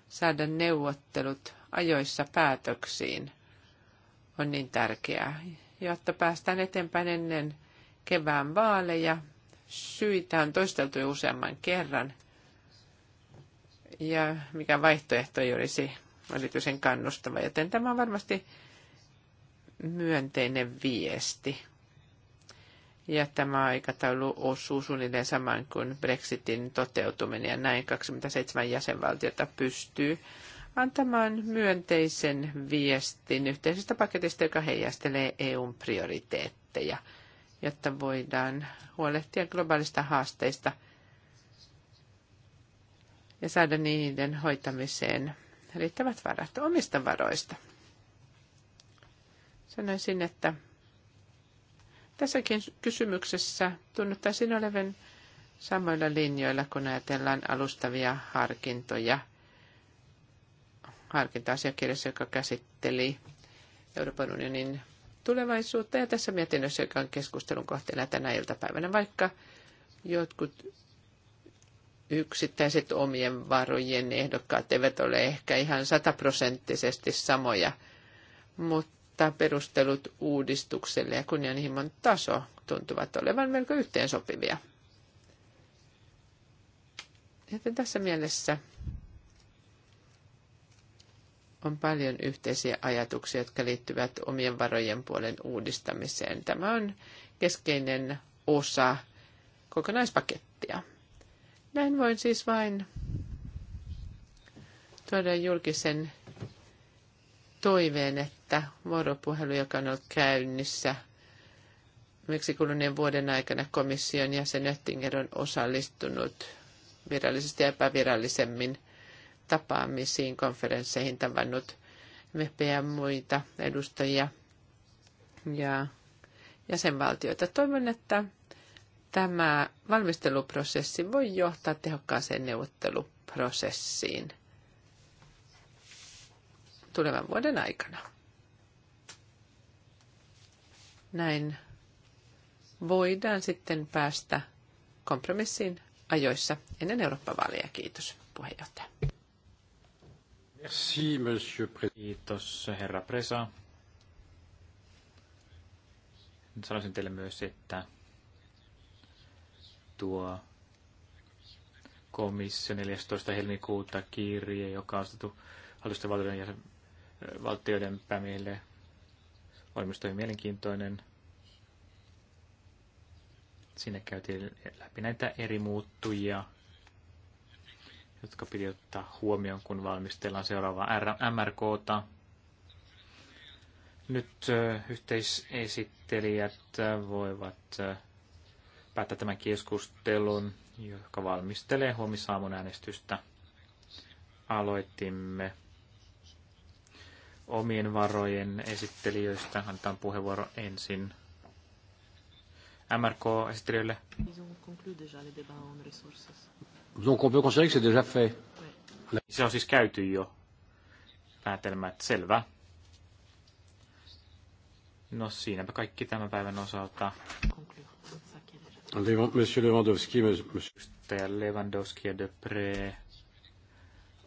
saada neuvottelut ajoissa päätöksiin on niin tärkeää, jotta päästään eteenpäin ennen kevään vaaleja. Syitä on toisteltu jo useamman kerran. Ja mikä vaihtoehto ei olisi erityisen kannustava, joten tämä on varmasti myönteinen viesti ja tämä aikataulu osuu suunnilleen saman kuin Brexitin toteutuminen ja näin 27 jäsenvaltiota pystyy antamaan myönteisen viestin yhteisestä paketista, joka heijastelee EUn prioriteetteja, jotta voidaan huolehtia globaalista haasteista ja saada niiden hoitamiseen riittävät varat omista varoista. Sanoisin, että Tässäkin kysymyksessä tunnuttaisiin olevan samoilla linjoilla, kun ajatellaan alustavia harkintoja. Harkinta-asiakirjassa, joka käsitteli Euroopan unionin tulevaisuutta ja tässä mietinnössä, joka on keskustelun kohteena tänä iltapäivänä, vaikka jotkut yksittäiset omien varojen ehdokkaat eivät ole ehkä ihan sataprosenttisesti samoja, mutta asettaa perustelut uudistukselle ja kunnianhimon taso tuntuvat olevan melko yhteensopivia. Joten tässä mielessä on paljon yhteisiä ajatuksia, jotka liittyvät omien varojen puolen uudistamiseen. Tämä on keskeinen osa kokonaispakettia. Näin voin siis vain tuoda julkisen toiveen, että vuoropuhelu, joka on ollut käynnissä miksi kuluneen vuoden aikana komission jäsen Oettinger on osallistunut virallisesti ja epävirallisemmin tapaamisiin, konferensseihin tavannut mepeä muita edustajia ja jäsenvaltioita. Toivon, että tämä valmisteluprosessi voi johtaa tehokkaaseen neuvotteluprosessiin tulevan vuoden aikana. Näin voidaan sitten päästä kompromissiin ajoissa ennen Eurooppa-vaaleja. Kiitos puheenjohtaja. Merci, monsieur Kiitos, herra Presa. Sanoisin teille myös, että tuo komissio 14. helmikuuta kirje, joka on ostettu hallitusten valtioiden valtioiden päämiehille. Olmisto oli mielenkiintoinen. Siinä käytiin läpi näitä eri muuttujia, jotka piti ottaa huomioon, kun valmistellaan seuraavaa MRKta. Nyt yhteisesittelijät voivat päättää tämän keskustelun, joka valmistelee huomisaamun äänestystä. Aloitimme omien varojen esittelijöistä. Annetaan puheenvuoro ensin MRK-esittelijöille. Donc on peut considérer que c'est déjà fait. Se on siis käyty jo. Päätelmät selvä. No siinäpä kaikki tämän päivän osalta. Monsieur Lewandowski, Edustaja Lewandowski ja Depre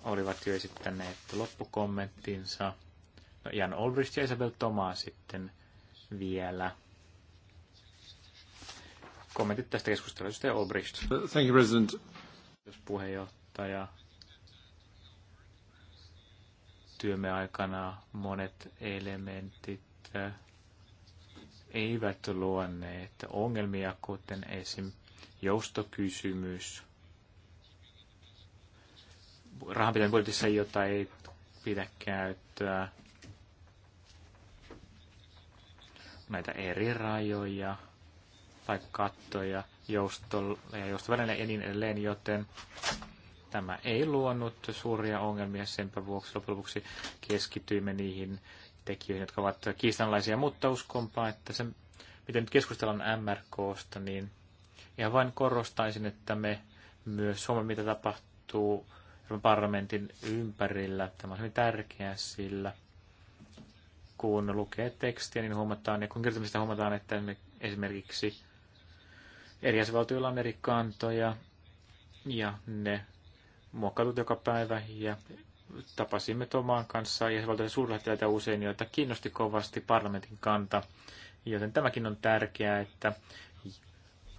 olivat jo esittäneet loppukommenttinsa. No, Jan Olbrist ja Isabel Tomaa sitten vielä. Kommentit tästä keskustelusta ja Olbrist. Thank you, President. Jos puheenjohtaja työmme aikana monet elementit eh, eivät luonneet ongelmia, kuten esim. joustokysymys. Rahanpitäjän budjetissa, jota ei pidä käyttää näitä eri rajoja tai kattoja joustolle ja joustovälineille ja niin edelleen, joten tämä ei luonut suuria ongelmia. Senpä vuoksi lopuksi keskityimme niihin tekijöihin, jotka ovat kiistanlaisia, mutta uskonpa, että se, miten nyt keskustellaan MRKsta, niin ihan vain korostaisin, että me myös Suomen, mitä tapahtuu parlamentin ympärillä, tämä on hyvin tärkeää, sillä kun lukee tekstiä, niin huomataan, ja kun kirjoittamista huomataan, että esimerkiksi eri jäsenvaltioilla on eri kantoja, ja ne muokkautuvat joka päivä, ja tapasimme Tomaan kanssa jäsenvaltioiden suurlähettiläitä usein, joita kiinnosti kovasti parlamentin kanta, joten tämäkin on tärkeää, että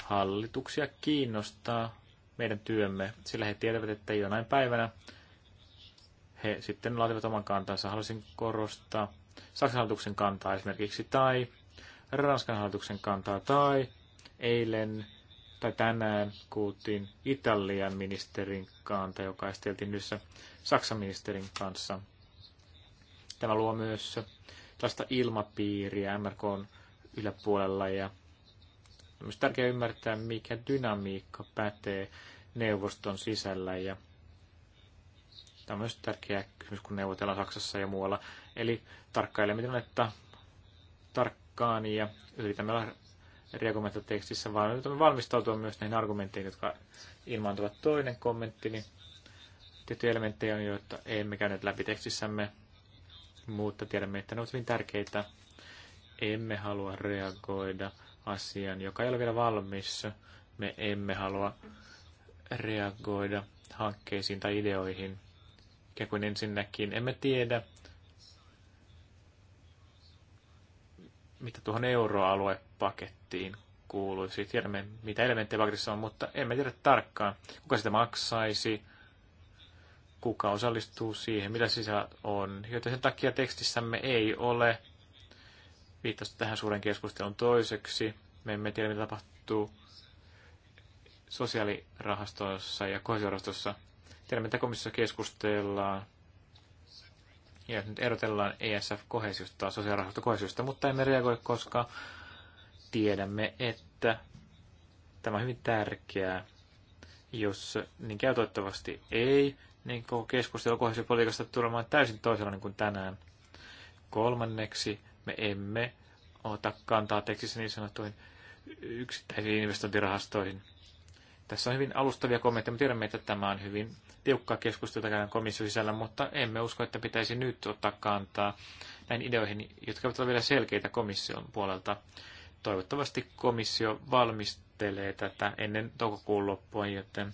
hallituksia kiinnostaa meidän työmme, sillä he tietävät, että jonain päivänä he sitten laativat oman kantansa. Haluaisin korostaa Saksan hallituksen kantaa esimerkiksi, tai Ranskan hallituksen kantaa, tai eilen tai tänään kuultiin Italian ministerin kanta, joka esteltiin yhdessä Saksan ministerin kanssa. Tämä luo myös tällaista ilmapiiriä MRK on yläpuolella ja on myös tärkeää ymmärtää, mikä dynamiikka pätee neuvoston sisällä ja tämä on myös tärkeä kysymys, kun neuvotellaan Saksassa ja muualla. Eli tarkkailemme tilannetta tarkkaan ja yritämme olla reagoimatta tekstissä, vaan yritämme valmistautua myös näihin argumentteihin, jotka ilmaantuvat. Toinen niin tiettyjä elementtejä on, joita emme käyneet läpi tekstissämme, mutta tiedämme, että ne ovat hyvin tärkeitä. Emme halua reagoida asiaan, joka ei ole vielä valmis. Me emme halua reagoida hankkeisiin tai ideoihin. Ikään kuin ensinnäkin emme tiedä, mitä tuohon euroaluepakettiin kuuluisi. Siis tiedämme, mitä elementtejä paketissa on, mutta emme tiedä tarkkaan, kuka sitä maksaisi, kuka osallistuu siihen, mitä sisällä on. Joten sen takia tekstissämme ei ole viittausta tähän suuren keskustelun toiseksi. Me emme tiedä, mitä tapahtuu sosiaalirahastossa ja kohdisrahastossa. Tiedämme, että komissiossa keskustellaan ja nyt erotellaan ESF-kohesiosta, sosiaalirahoista mutta emme reagoi, koska tiedämme, että tämä on hyvin tärkeää. Jos niin käy toivottavasti ei, niin koko keskustelu kohesiopolitiikasta tulemaan täysin niin kuin tänään. Kolmanneksi me emme ota kantaa tekstissä niin sanottuihin yksittäisiin investointirahastoihin – tässä on hyvin alustavia kommentteja. mutta tiedämme, että tämä on hyvin tiukkaa keskustelua käydään komission sisällä, mutta emme usko, että pitäisi nyt ottaa kantaa näin ideoihin, jotka ovat vielä selkeitä komission puolelta. Toivottavasti komissio valmistelee tätä ennen toukokuun loppua, joten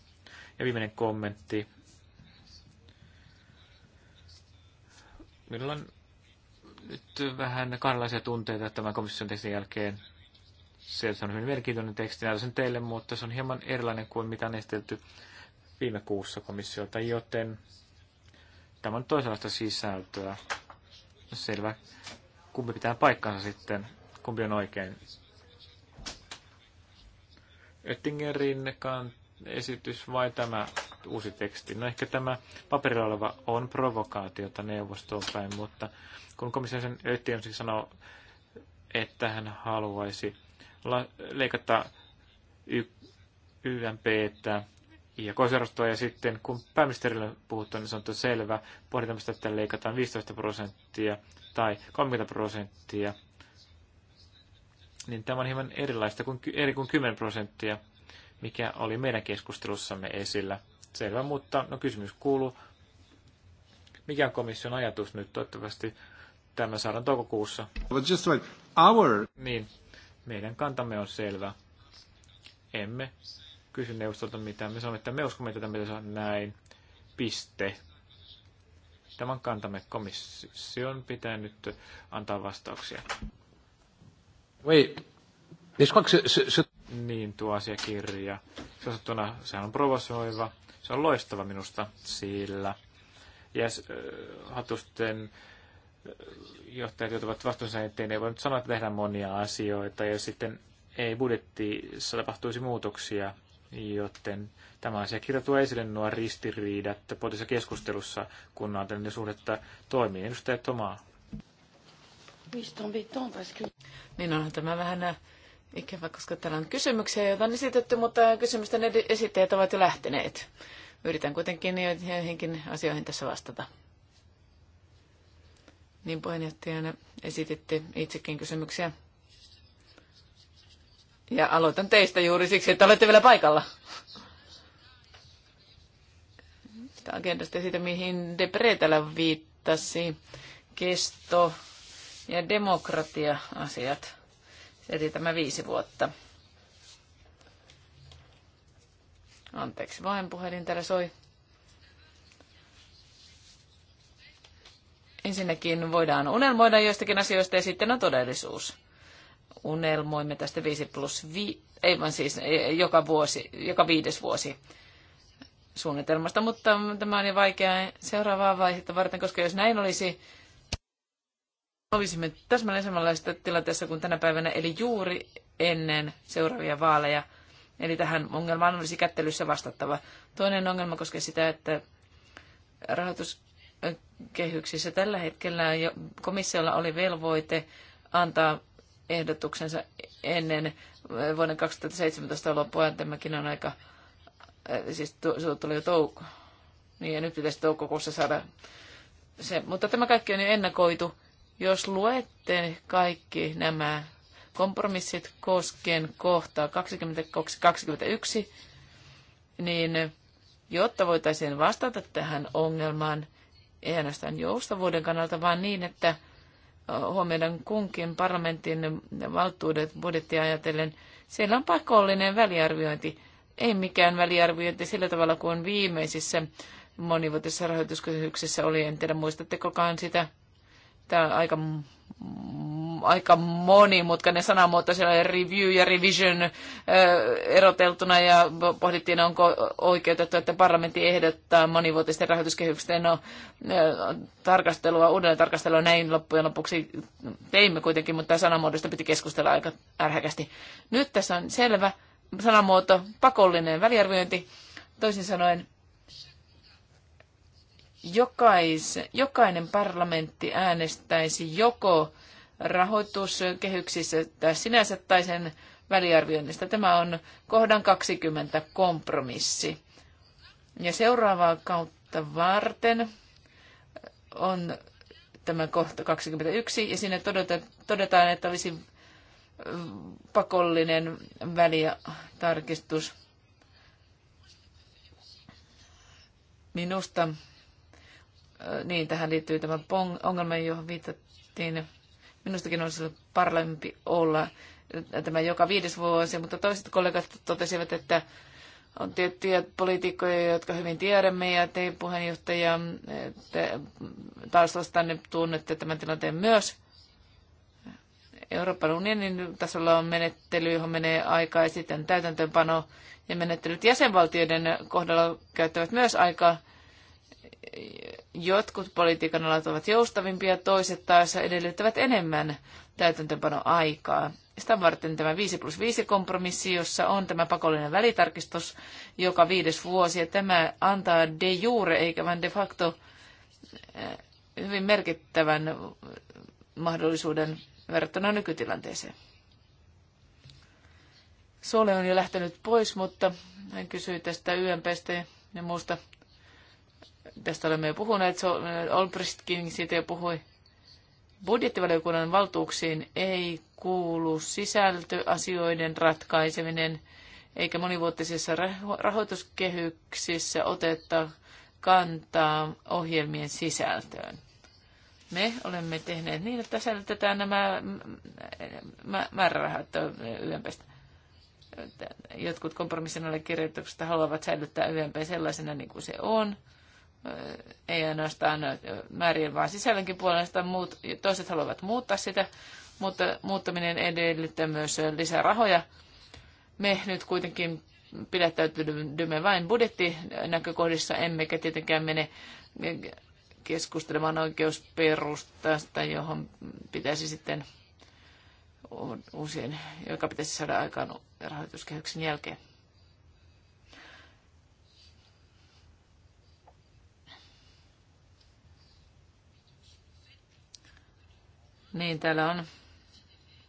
ja viimeinen kommentti. Minulla on nyt vähän kahdenlaisia tunteita tämän komission tekstin jälkeen se on hyvin merkityinen teksti, näytän sen teille, mutta se on hieman erilainen kuin mitä on esitelty viime kuussa komissiolta, joten tämä on toisenlaista sisältöä. Selvä. Kumpi pitää paikkansa sitten? Kumpi on oikein? Oettingerin esitys vai tämä uusi teksti? No ehkä tämä paperilla oleva on provokaatiota neuvostoon päin, mutta kun komissio sen Oettinger sanoo, että hän haluaisi leikata YMP ja koisarastoa, ja sitten kun pääministerille puhuttu, niin se on selvä, pohditaan että leikataan 15 prosenttia tai 30 prosenttia, niin tämä on hieman erilaista kuin, eri kuin 10 prosenttia, mikä oli meidän keskustelussamme esillä. Selvä, mutta no kysymys kuuluu, mikä on komission ajatus nyt toivottavasti tämä saadaan toukokuussa? But just like our... Niin, meidän kantamme on selvä. Emme kysy neuvostolta mitään. Me sanomme, että me uskomme tätä, mitä on näin. Piste. Tämän kantamme komission pitää nyt antaa vastauksia. Oui. Niin, tuo asiakirja. Se on sehän on provosoiva. Se on loistava minusta, sillä jäs, äh, hatusten johtajat joutuvat vastuunsa eteen, ei voi nyt sanoa, että tehdään monia asioita ja sitten ei budjettissa tapahtuisi muutoksia, joten tämä asia kirjoituu esille nuo ristiriidat poliittisessa keskustelussa, kun ajatellen suhdetta toimii. Edustaja Tomaa. Niin onhan tämä vähän äh, ikävä, koska täällä on kysymyksiä, joita on esitetty, mutta kysymysten esittäjät ovat jo lähteneet. Yritän kuitenkin joihinkin asioihin tässä vastata niin puheenjohtajana esititte itsekin kysymyksiä. Ja aloitan teistä juuri siksi, että olette vielä paikalla. Sitä agendasta siitä, mihin De Pretälä viittasi. Kesto ja demokratia-asiat. Eli tämä viisi vuotta. Anteeksi, vain puhelin täällä soi. Ensinnäkin voidaan unelmoida joistakin asioista ja sitten on todellisuus. Unelmoimme tästä 5 plus 5, ei vaan siis e, joka, vuosi, joka viides vuosi suunnitelmasta, mutta tämä on jo vaikea seuraavaa vaihetta varten, koska jos näin olisi, olisimme täsmälleen samanlaista tilanteessa kuin tänä päivänä, eli juuri ennen seuraavia vaaleja. Eli tähän ongelmaan olisi kättelyssä vastattava. Toinen ongelma koskee sitä, että rahoitus kehyksissä. Tällä hetkellä komissiolla oli velvoite antaa ehdotuksensa ennen vuoden 2017 loppua. Tämäkin on aika, äh, siis se tuli jo touko. Niin, ja nyt pitäisi toukokuussa saada se. Mutta tämä kaikki on jo ennakoitu. Jos luette kaikki nämä kompromissit koskien kohtaa 2021, niin jotta voitaisiin vastata tähän ongelmaan – ei ainoastaan joustavuuden kannalta, vaan niin, että huomioidaan kunkin parlamentin valtuudet budjettia ajatellen. Siellä on pakollinen väliarviointi, ei mikään väliarviointi sillä tavalla kuin viimeisissä monivuotisissa rahoituskehyksissä oli. En tiedä, muistatteko sitä? Tämä on aika aika monimutkainen sanamuoto. Siellä oli review ja revision eroteltuna ja pohdittiin, onko oikeutettu, että parlamentti ehdottaa monivuotisten rahoituskehyksen no, tarkastelua, uuden tarkastelua. Näin loppujen lopuksi teimme kuitenkin, mutta sanamuodosta piti keskustella aika ärhäkästi. Nyt tässä on selvä sanamuoto, pakollinen väliarviointi. Toisin sanoen, jokais, jokainen parlamentti äänestäisi joko rahoituskehyksissä tai sinänsä tai sen väliarvioinnista. Tämä on kohdan 20 kompromissi. Ja seuraavaa kautta varten on tämä kohta 21 ja sinne todetaan, että olisi pakollinen välitarkistus. Minusta niin tähän liittyy tämä ongelma, johon viitattiin. Minustakin olisi ollut parempi olla tämä joka viides vuosi, mutta toiset kollegat totesivat, että on tiettyjä poliitikkoja, jotka hyvin tiedämme, ja te puheenjohtaja te taustastanne tunnette tämän tilanteen myös. Euroopan unionin tasolla on menettely, johon menee aikaa, ja sitten täytäntöönpano ja menettelyt jäsenvaltioiden kohdalla käyttävät myös aikaa jotkut politiikan alat ovat joustavimpia, toiset taas edellyttävät enemmän täytäntöpanoaikaa. Sitä varten tämä 5 plus 5 kompromissi, jossa on tämä pakollinen välitarkistus joka viides vuosi, ja tämä antaa de jure eikä vain de facto eh, hyvin merkittävän mahdollisuuden verrattuna nykytilanteeseen. Suole on jo lähtenyt pois, mutta hän kysyi tästä YMPstä ja muusta Tästä olemme jo puhuneet, äh, Olbristkin siitä jo puhui. Budjettivaliokunnan valtuuksiin ei kuulu sisältöasioiden ratkaiseminen, eikä monivuotisissa rahoituskehyksissä oteta kantaa ohjelmien sisältöön. Me olemme tehneet niin, että säilytetään nämä määrärahat YMPstä. Jotkut kompromissin alle kirjoitukset haluavat säilyttää YMP sellaisena niin kuin se on ei ainoastaan määrien, vaan sisällönkin puolesta. Muut, toiset haluavat muuttaa sitä, mutta muuttaminen edellyttää myös lisää rahoja. Me nyt kuitenkin pidättäytymme vain budjettinäkökohdissa, emmekä tietenkään mene keskustelemaan oikeusperustasta, johon pitäisi sitten uusien, joka pitäisi saada aikaan rahoituskehyksen jälkeen. Niin, täällä on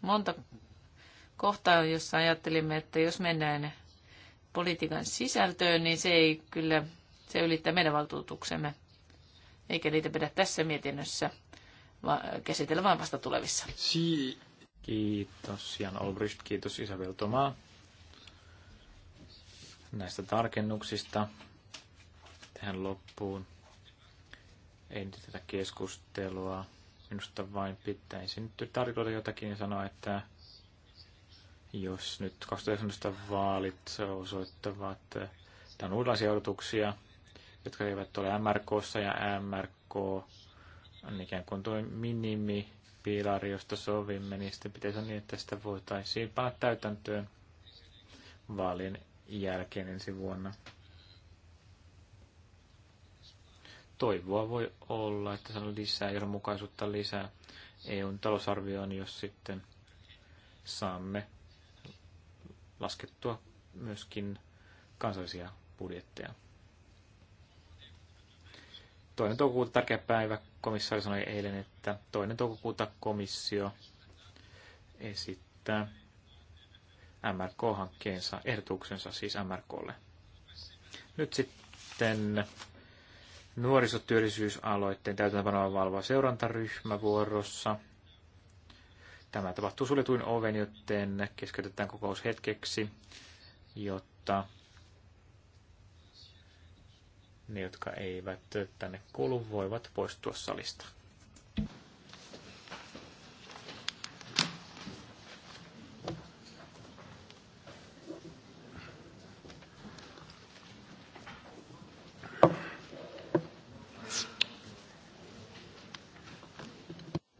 monta kohtaa, jossa ajattelimme, että jos mennään politiikan sisältöön, niin se ei kyllä, se ylittää meidän valtuutuksemme. Eikä niitä pidä tässä mietinnössä käsitellä vaan vasta tulevissa. Si- kiitos Jan Olbrist, kiitos Isabel Tomaa näistä tarkennuksista tähän loppuun. Ei tätä keskustelua Minusta vain pitäisi nyt tarkoita jotakin ja sanoa, että jos nyt 2019 vaalit osoittavat, että on uudenlaisia odotuksia, jotka eivät ole MRKssa ja MRK on ikään kuin tuo minimi pilari, josta sovimme, niin sitten pitäisi olla niin, että sitä voitaisiin panna täytäntöön vaalien jälkeen ensi vuonna. toivoa voi olla, että se on lisää, johdonmukaisuutta lisää EUn talousarvioon, jos sitten saamme laskettua myöskin kansallisia budjetteja. Toinen toukokuuta tärkeä päivä. Komissaari sanoi eilen, että toinen toukokuuta komissio esittää MRK-hankkeensa, ehdotuksensa siis MRKlle. Nyt sitten Nuorisotyöllisyysaloitteen täytäntöpanoa valvoa seurantaryhmä vuorossa. Tämä tapahtuu suljetuin oven, joten keskeytetään kokous hetkeksi, jotta ne, jotka eivät tänne kuulu, voivat poistua salista.